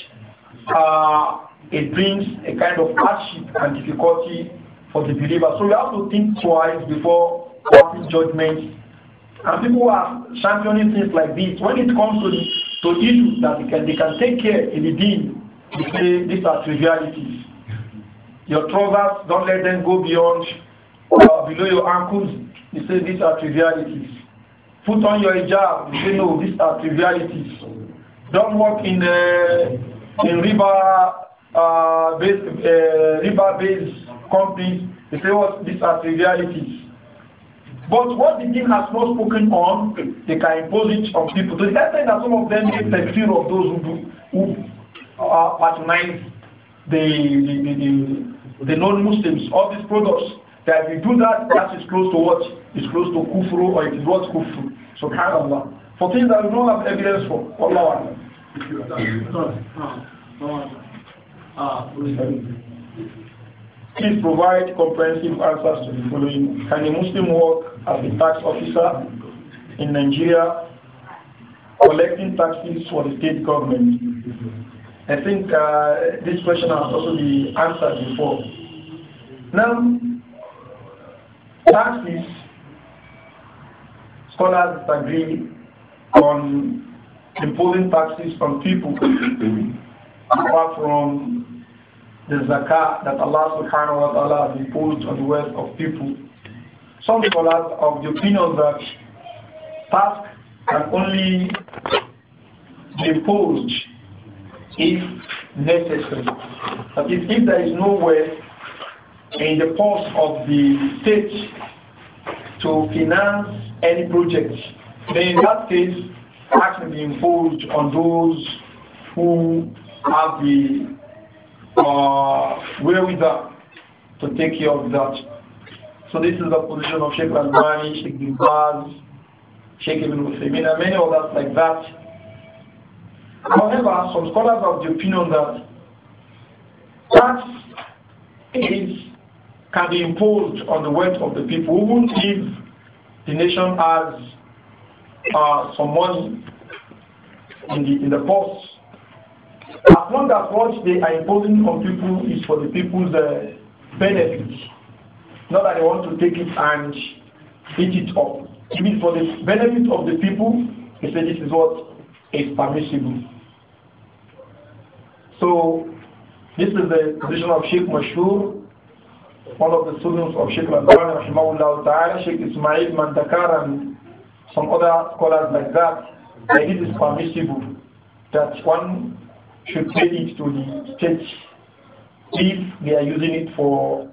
uh, it brings a kind of hardship and difficulty for the believer. So you have to think twice before passing judgment. And people are championing things like this. When it comes to, to issues that they can, they can take care in the deen, they say these are trivialities. Your trousers, don't let them go beyond uh, below your ankles. You say these are trivialities. Put on your hijab. You say no, these are trivialities. Don't walk in, the uh, in river uh, based, uh, river-based companies, they say what these are trivialities. But what the king has not spoken on, they can impose it on people. So the extent that some of them make the fear of those who do, who uh, patronize the the, the, the, the non-Muslims, all these products. That if you do that, that is close to what? It's close to kufru or it is what kufru. Subhanallah. For things that we don't have evidence for. Allah. Please provide comprehensive answers to the following. Can a Muslim work as a tax officer in Nigeria collecting taxes for the state government? I think uh, this question has also been answered before. Now, taxes, scholars agree on imposing taxes on people [coughs] apart from the zakah that Allah subhanahu wa ta'ala has imposed on the wealth of people. Some scholars are of the opinion that tax can only be imposed if necessary. That is, if there is no way in the pulse of the state to finance any project, then in that case, tax can be imposed on those who have the uh, that to take care of that. So this is the position of Sheikh Al-Bani, Sheikh Bin Baz, Sheikh Ibn Uthaymeen, and many others like that. However, some scholars have the opinion that that is can be imposed on the wealth of the people, even give the nation has uh, some money in the in the purse as long as what they are imposing on people is for the people's uh, benefit, not that they want to take it and eat it up. If it's for the benefit of the people, they say this is what is permissible. So this is the position of Sheikh Mashur, one of the students of Sheikh Al-Albani, rahimahullah ta'ala, Sheikh Ismail Mandakar and some other scholars like that. That it is permissible that one should pay it to the state if they are using it for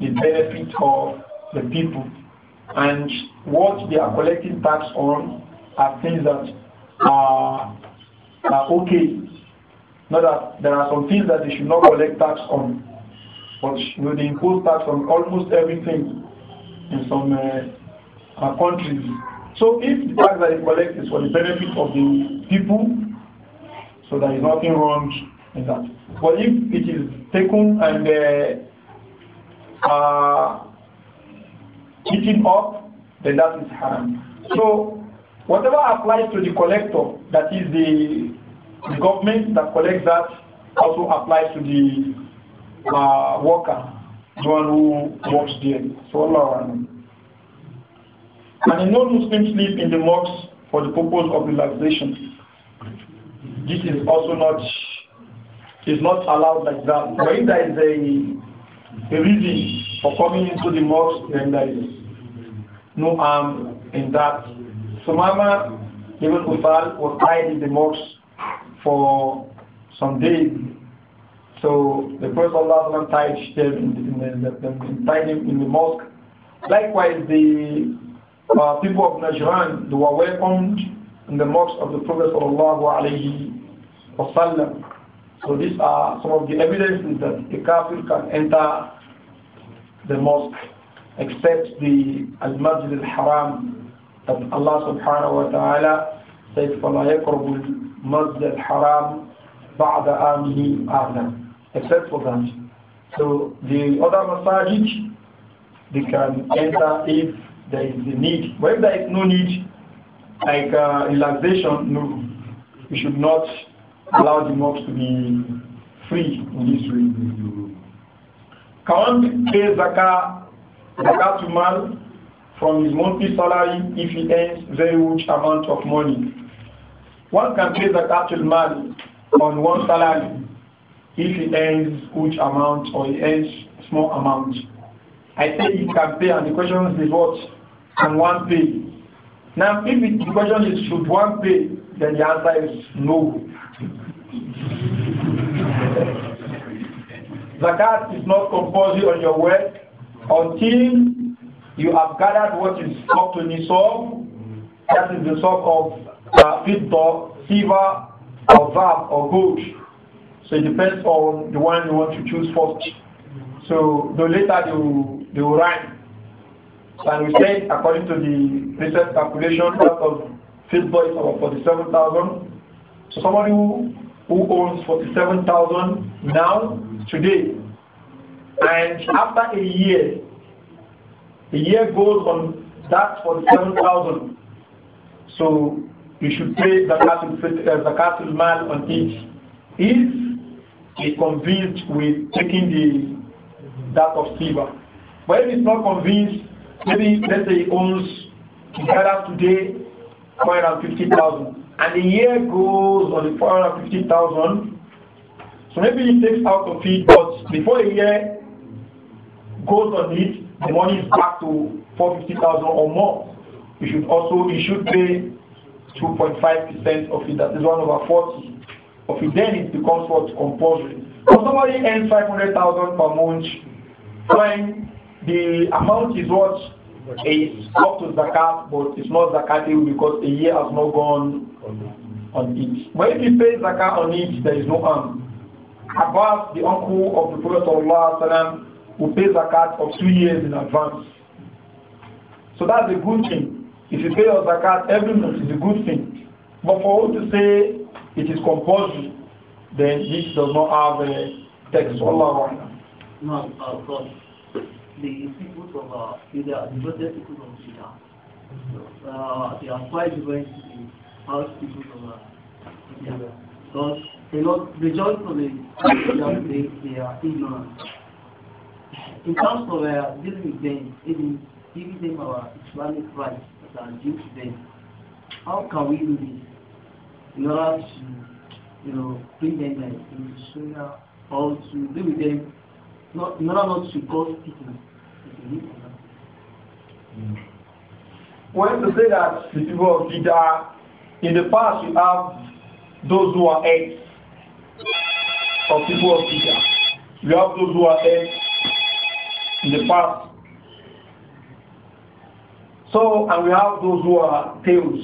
the benefit of the people. And what they are collecting tax on are things that are, are okay. Not that there are some things that they should not collect tax on, but you know, they impose tax on almost everything in some uh, countries. So if the tax that they collect is for the benefit of the people, so there is nothing wrong in that. But if it is taken and uh, uh, eaten up, then that is haram. So whatever applies to the collector, that is the, the government that collects that, also applies to the uh, worker, the one who works there. So Allah. And the non-Muslims live in the mosque for the purpose of relaxation this is also not is not allowed like that. But if there is a, a reason for coming into the mosque, then there is no harm in that. So, Mama, Ibn Ufal was tied in the mosque for some days. So the Prophet Allah tied him in the, in the, tied him in the mosque. Likewise, the uh, people of Najran they were welcomed in the mosque of the Prophet Sallallahu Alaihi salam, So these are some of the evidences that a kafir can enter the mosque except the al-masjid al-haram that Allah subhanahu wa ta'ala said فَلَا يَقْرَبُ الْمَسْجِدَ الْحَرَامِ بَعْدَ آمِهِ آمَنَ except for that. So the other masajid they can enter if there is a need. But if there is no need, like uh, relaxation, no. You should not Allowed the mosque to be free in this way. Can one pay zakah, zakah to man from his monthly salary if he earns very huge amount of money? One can pay zakat to money on one salary if he earns huge amount or he earns small amount. I say he can pay, and the question is what can one pay? Now, if the question is should one pay, then the answer is no. Zakat is not composed on your wealth until you have gathered what is up to Nisab. That is the sort of uh, filter, silver, or valve, or gold. So it depends on the one you want to choose first. So the later you you will And we said according to the recent calculation, that of filter is about 47,000. Somebody who, who owns 47,000 now, today, and after a year, a year goes on that 47,000. So you should pay the al uh, mal on it. If he convinced with taking the that of silver. But if he's not convinced, maybe let's say he owns he gathers today 450,000 and the year goes on the 450,000. So maybe he takes out of it, but before the year goes on it, the money is back to 450,000 or more. You should also, you should pay 2.5% of it, that is 1 over 40. Of it, then it becomes what compulsory. So somebody earns 500,000 per month, when the amount is what is up to zakat, but it's not zakat because the year has not gone on it. But if he pays zakah on it, there is no harm. Abbas, the uncle of the Prophet ﷺ, who pays zakat of two years in advance. So that's a good thing. If you pay your zakat every month, it's a good thing. But for who to say it is compulsory, then this does not have a text. Allah No, of course. The people of uh, Syria, the people of Syria, uh, they are quite different in house people from uh, yeah. Because they not result from it, they, they are ignorant. In terms of uh, dealing with them, even giving them our Islamic rights that are due to them, how can we do this in order to, you know, bring them uh, in the sooner or to deal with them, not, in order not to cause people When to say that the people of Peter in the past, you have those who are heads of people of Peter. You have those who are heads in the past. So, and we have those who are tails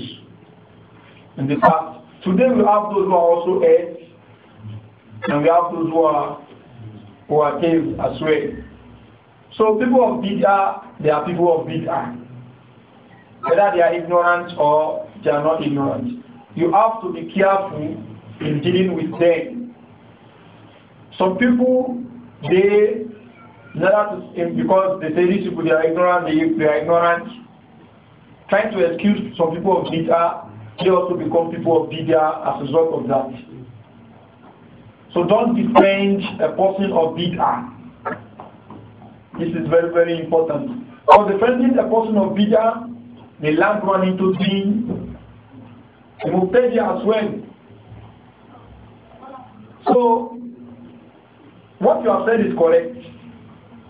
in the past. Today we have those who are also heads, and we have those who are who are tails as well. So people of bid'ah, they are people of bid'ah. Whether they are ignorant or they are not ignorant. You have to be careful in dealing with them. Some people, they, because they say these people they are ignorant, they, they are ignorant, trying to excuse some people of bid'ah, they also become people of bid'ah as a result of that. So don't defend a person of bid'ah. This is very, very important. For defending a person of bid'ah, they land one into being Mubtadi as well. So, what you have said is correct,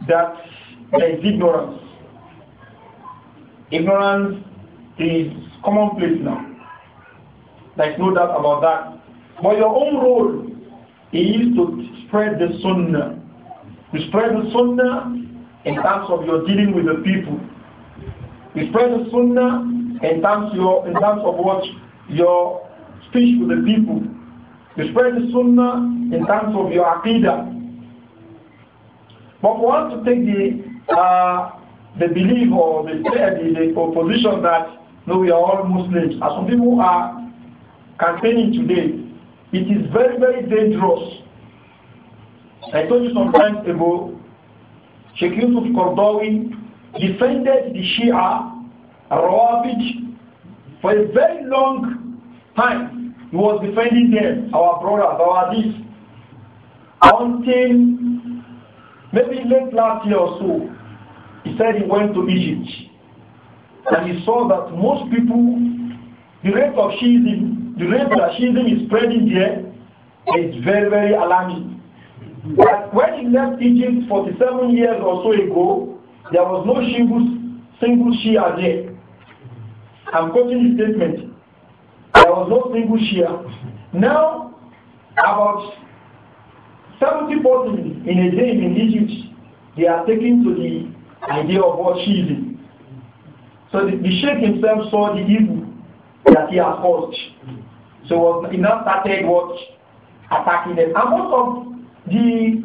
that there is ignorance. Ignorance is commonplace now. There is no doubt about that. But your own role is to spread the sunnah. You spread the sunnah in terms of your dealing with the people. You spread the sunnah in terms, your, in terms of what your speech to the people. You spread the sunnah in terms of your aqidah. But for us to take the uh, the belief or the, the, the opposition that no, we are all Muslims, as some people are campaigning today, it is very, very dangerous. I told you some time ago, Sheikh Yusuf Kordawi defended the Shia Rawabij for a very long time, he was defending them, our brothers, our this. Until maybe late last year or so, he said he went to Egypt. And he saw that most people, the rate of Shiism, the rate that Shiism is spreading there is very, very alarming. But when he left Egypt 47 years or so ago, there was no single, single Shia there. I'm quoting the statement. There was no single Shia. Now, about 70 persons in a day in Egypt, they are taken to the idea of what she is. So the, the Sheikh himself saw the evil that he has caused. So he now started what? Attacking them. And most of the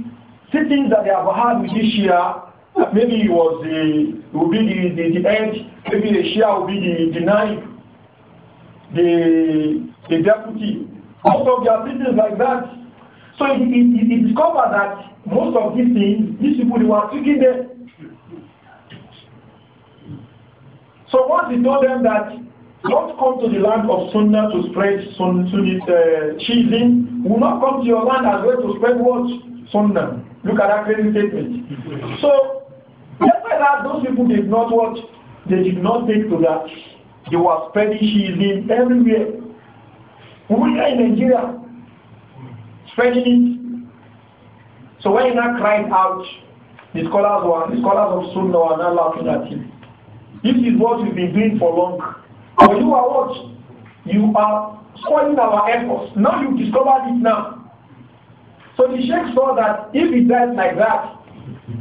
sittings that they have had with the Shia maybe it was the will be the, the, the maybe the Shia will be the, the the, the deputy. Most of their business like that. So he he discovered that most of these things, these people were taking them. So once he told them that don't come to the land of Sunnah to spread sun, Sunni uh, cheesing, will not come to your land as well to spread what? Sunnah. Look at that crazy statement. So those people did not watch. They did not take to that. They were spreading shizim everywhere. We are in Nigeria spreading it. So when you're not crying out, the scholars were, the scholars of Sunnah were not laughing at you. This is what we've been doing for long. But you are what? You are spoiling our efforts. Now you discovered it now. So the Sheikh saw that if he dies like that,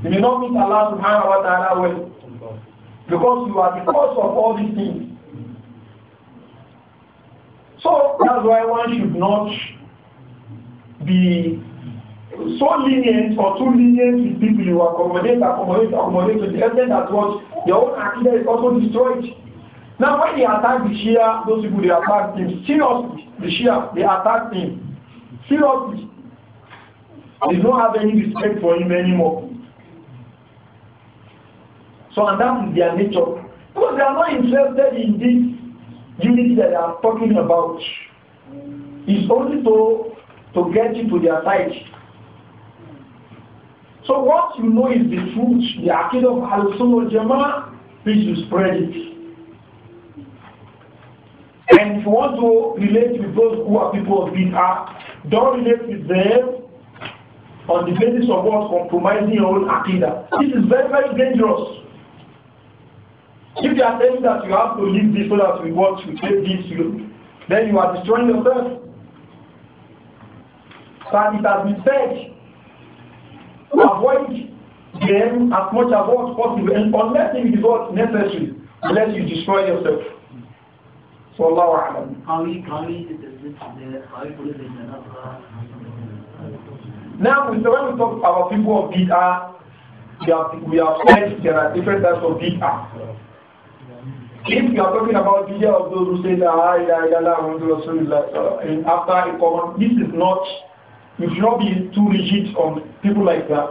you may not meet Allah subhanahu wa ta'ala well. Because you are the cause of all these things. So that's why one should not be so lenient or too lenient with people you accommodate, accommodate, accommodate to the extent that what your own akida is also destroyed. Now when they attack the Shia, those people they attack him seriously. The Shia, they attack him seriously. They don't have any respect for him anymore. So and that is their nature. Because they are not interested in this unity that they are talking about. It's only to, to get you to their side. So what you know is the truth, the Akid of Al-Sunnah Jama'ah, please you spread it. And if you want to relate with those who are people of Bida, don't relate with them on the basis of what compromising your own Aqidah. This is very, very dangerous. If you are saying that you have to leave this so that we want to take this, you, then you are destroying yourself. But it has been said, avoid them as much as possible, and unless it is what necessary, unless you destroy yourself. So Allah Alam. How we, now, when we talk about people of bid'ah, we have, we have said there are different types of bid'ah. If you are talking about video of those who say that ah, I after a common, this is not, you should not be too rigid on people like that.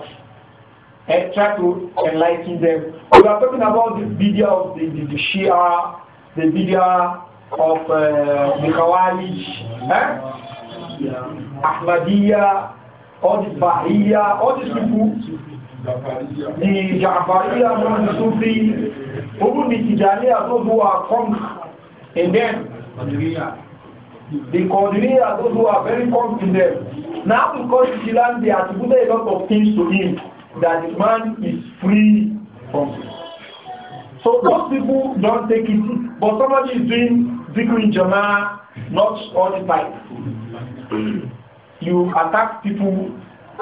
And try to enlighten them. We are talking about the video of the, the, the Shia, the video of uh, the Khawarij, eh? Ahmadiyya, all the Bahiyya, all these people. ni jàfàríyà wọn ni súnfí orú ni tìjàníyà tó bú wa kọ́ng in them the Qadiriyya those who are very confident. in them now because Islam they attributed a lot of things to him that the man is free from So most people don't take it, but somebody is doing zikr in Jama, not all the time. You attack people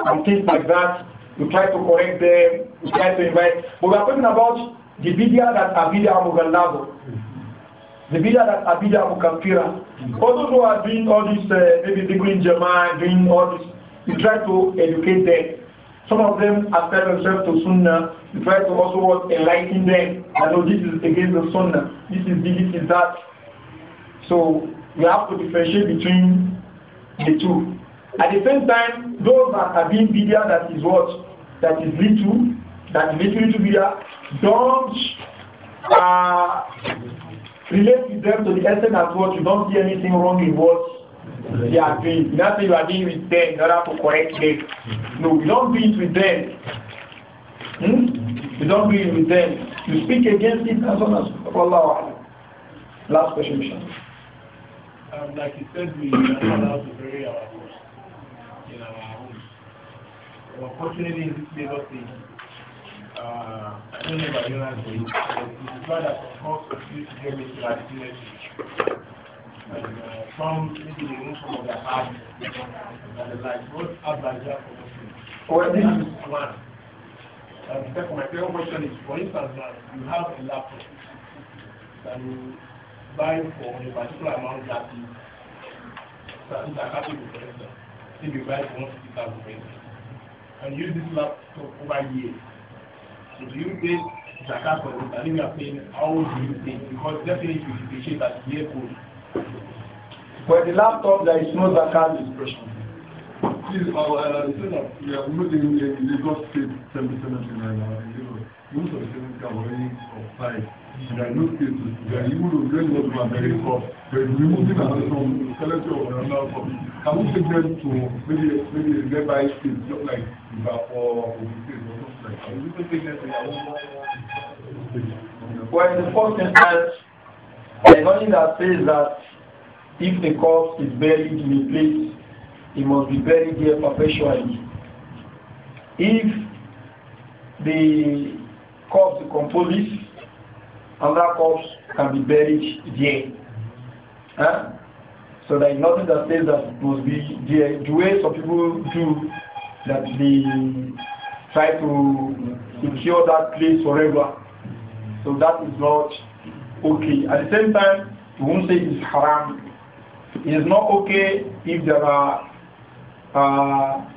and things like that we try to correct them, we try to invite. But we are talking about the video that Abida Mugallabo, the video that Abida Mukafira. All those who are doing all this, uh, maybe people in Japan doing all this, we try to educate them. Some of them attach themselves to Sunnah. We try to also enlighten them. I know this is against the Sunnah. This is this, this is that. So we have to differentiate between the two. At the same time, those that are being media that is what that is little, that is little to bid'ah, don't uh, relate with them to the extent that what you don't see anything wrong with what they are doing. You not say you are doing with them in order to correct them. No, you don't do it with them. Hmm? You don't do it with them. You speak against it as long as Allah. Last question, Mishan. Um, like you said, we are allowed to bury our Unfortunately, in this Labour thing. uh, I don't know about you guys, but it's bad that cost of you to get me to that village. And uh, some, maybe they know some of their heart, and they're like, what advisor for the food? Or this is one. And the second, my second question is, for instance, now, you have a laptop, and you buy for a particular amount that is, that is a capital, for instance. If you buy for 150,000, for and use this laptop over years. So do you think zakat for it? And paying, how do you think? Because definitely you appreciate that year old. For the laptop, there is no zakat dispersion. Please, our uh, yeah, we know the Lagos state 77 naira. Most of the savings are already of five. diagnostics, Well, the first instance, the only that says that if the corpse is buried in a place, it must be buried there perpetually. If the corpse decomposes, and that corpse can be buried there. Huh? So there is nothing that says that must be there. The way some people do that they try to secure that place forever. So that is not okay. At the same time, we won't say it's haram. It is not okay if there are uh,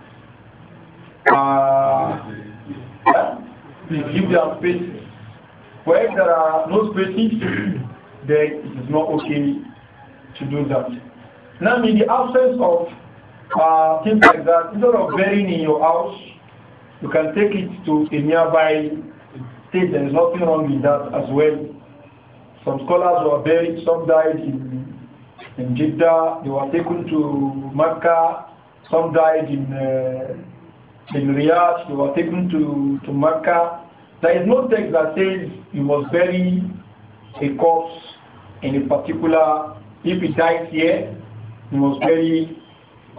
uh, if there are spaces where there are no spaces, then it is not okay to do that. Now, in the absence of uh, things like that, instead of burying in your house, you can take it to a nearby state. There is nothing wrong with that as well. Some scholars were buried, some died in, in Jeddah, they were taken to Mecca, some died in, uh, in Riyadh, they were taken to, to Mecca. There is no text that says you must bury a corpse in a particular, if it dies here, you must bury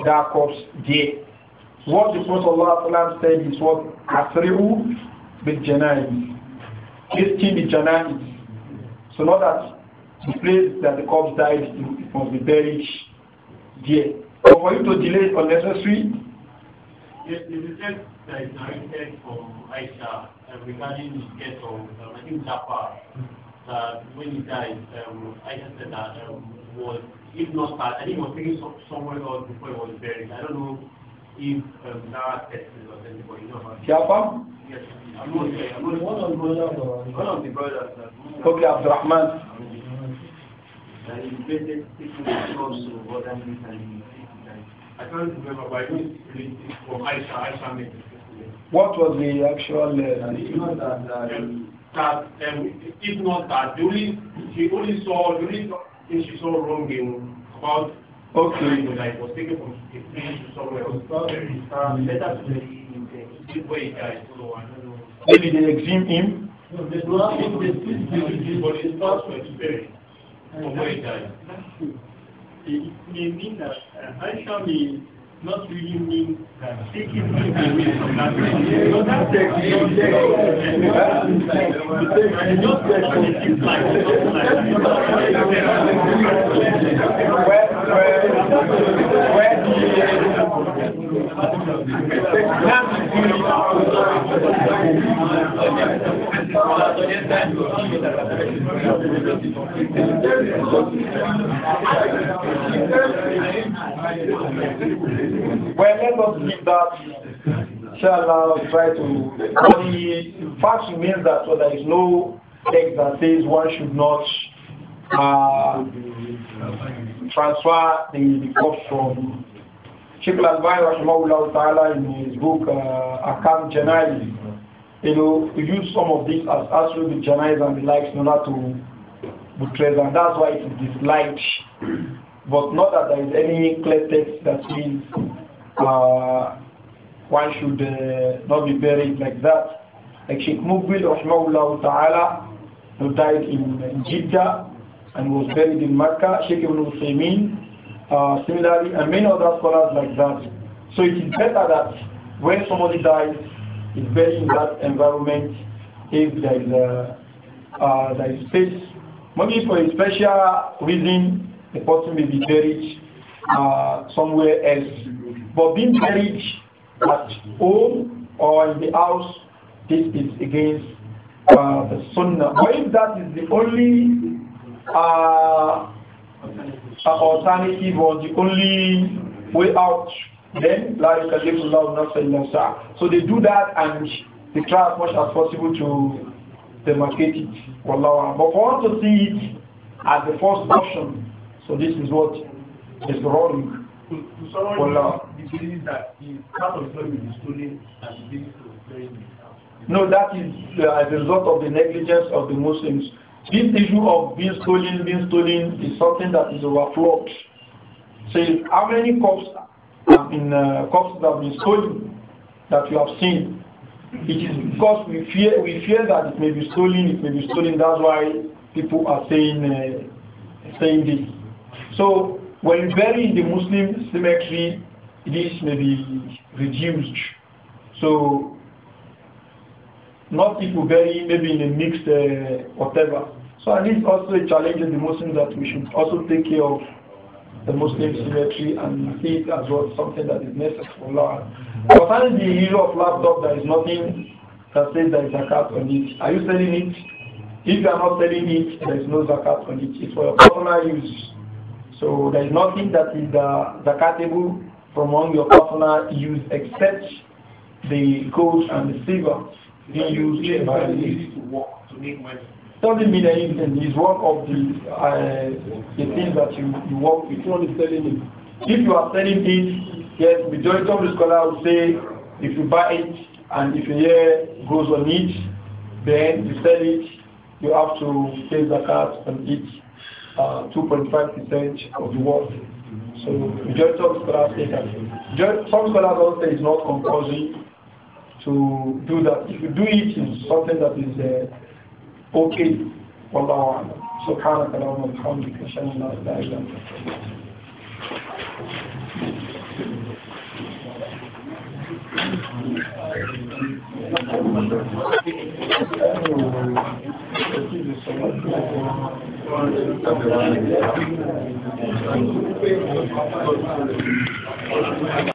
that corpse there. What the Prophet Allah said is what Asri'u bil This Hasten is Janayis. So not that the place that the corpse died, it must be buried there. But for you to delay unnecessary, yes, that is narrated from Aisha uh, regarding the case of uh, I think Jafar, that uh, when he died, um, Aisha said that um, was, if not that, I think it was taken so, somewhere else before he was buried. I don't know if um, that text is anybody but Jafar? Yes, I'm not sure. I'm not sure. One of the brothers. One of the brothers. Uh, okay, Abdurrahman. Uh, I can't remember, but I don't read from Aisha, Aisha made it. What was the actual? Uh, it's not that, uh, that um, it's not that. The only she only saw the only thing she saw wrong in about okay. Like was taken from to somewhere else. Uh, Let us see. Maybe they exhume him. No, they brought him the spirit, but it's not to experience from where he died. It may mean that uh, actually not really mean taking away from that person. Well, let us leave that. shall i try to. The fact means that so there is no text that says one should not uh, transfer the, the cost from Sheikh Al-Albani, Rahimahullah Ta'ala, in his book, uh, Akam Janai, you know, to use some of this as astral the janais and the likes in order to buttress, and that's why it is disliked. But not that there is any clear text that means uh, one should uh, not be buried like that. Like Sheikh Mubbil Rahmahullah Ta'ala, who died in, in Jeddah and was buried in Makkah, Sheikh Ibn Uthaymeen, uh, similarly, and many other scholars like that. So it is better that when somebody dies, is very in that environment if there is, a, uh, there is space. Maybe for a special reason, the person may be buried uh, somewhere else. But being buried at home or in the house, this is against uh, the sunnah. But if that is the only uh, uh, alternative or the only way out then la yukallifullahu nafsan illa So they do that and they try as much as possible to demarcate it. But for us to see it as the first option, so this is what is wrong. To, to that No, that is uh, as a result of the negligence of the Muslims. This issue of being stolen, being stolen is something that is overflowed. Say, how many cops? have um, been uh, cups that have been stolen that you have seen. It is because we fear we fear that it may be stolen, it may be stolen. That's why people are saying uh, saying this. So when you bury the Muslim cemetery, this may be reduced. So not people bury maybe in a mixed uh, whatever. So this least also a challenge to the Muslims that we should also take care of the Muslim cemetery and see it as well something that is necessary for Allah. Concerning the issue of laptop, there is nothing that says there is zakat on it. Are you selling it? If you are not selling it, there is no zakat on it. It's for your personal use. So there is nothing that is uh, zakatable from among your personal use except the gold and the silver being used by the to work to make money. Selling mean is one of the uh, the things that you, you want. If You only selling it. If you are selling it, yes, majority of the scholar will say if you buy it and if your year goes on it, then you sell it, you have to pay zakat on it, uh, 2.5% of the worth. So majority of scholars say that. Some scholars also say it's not compulsory to do that. If you do it, it's something that is uh, okay والله أعلم سبحانك اللهم وبحمدك أشهد أن لا إله إلا أنت Thank you.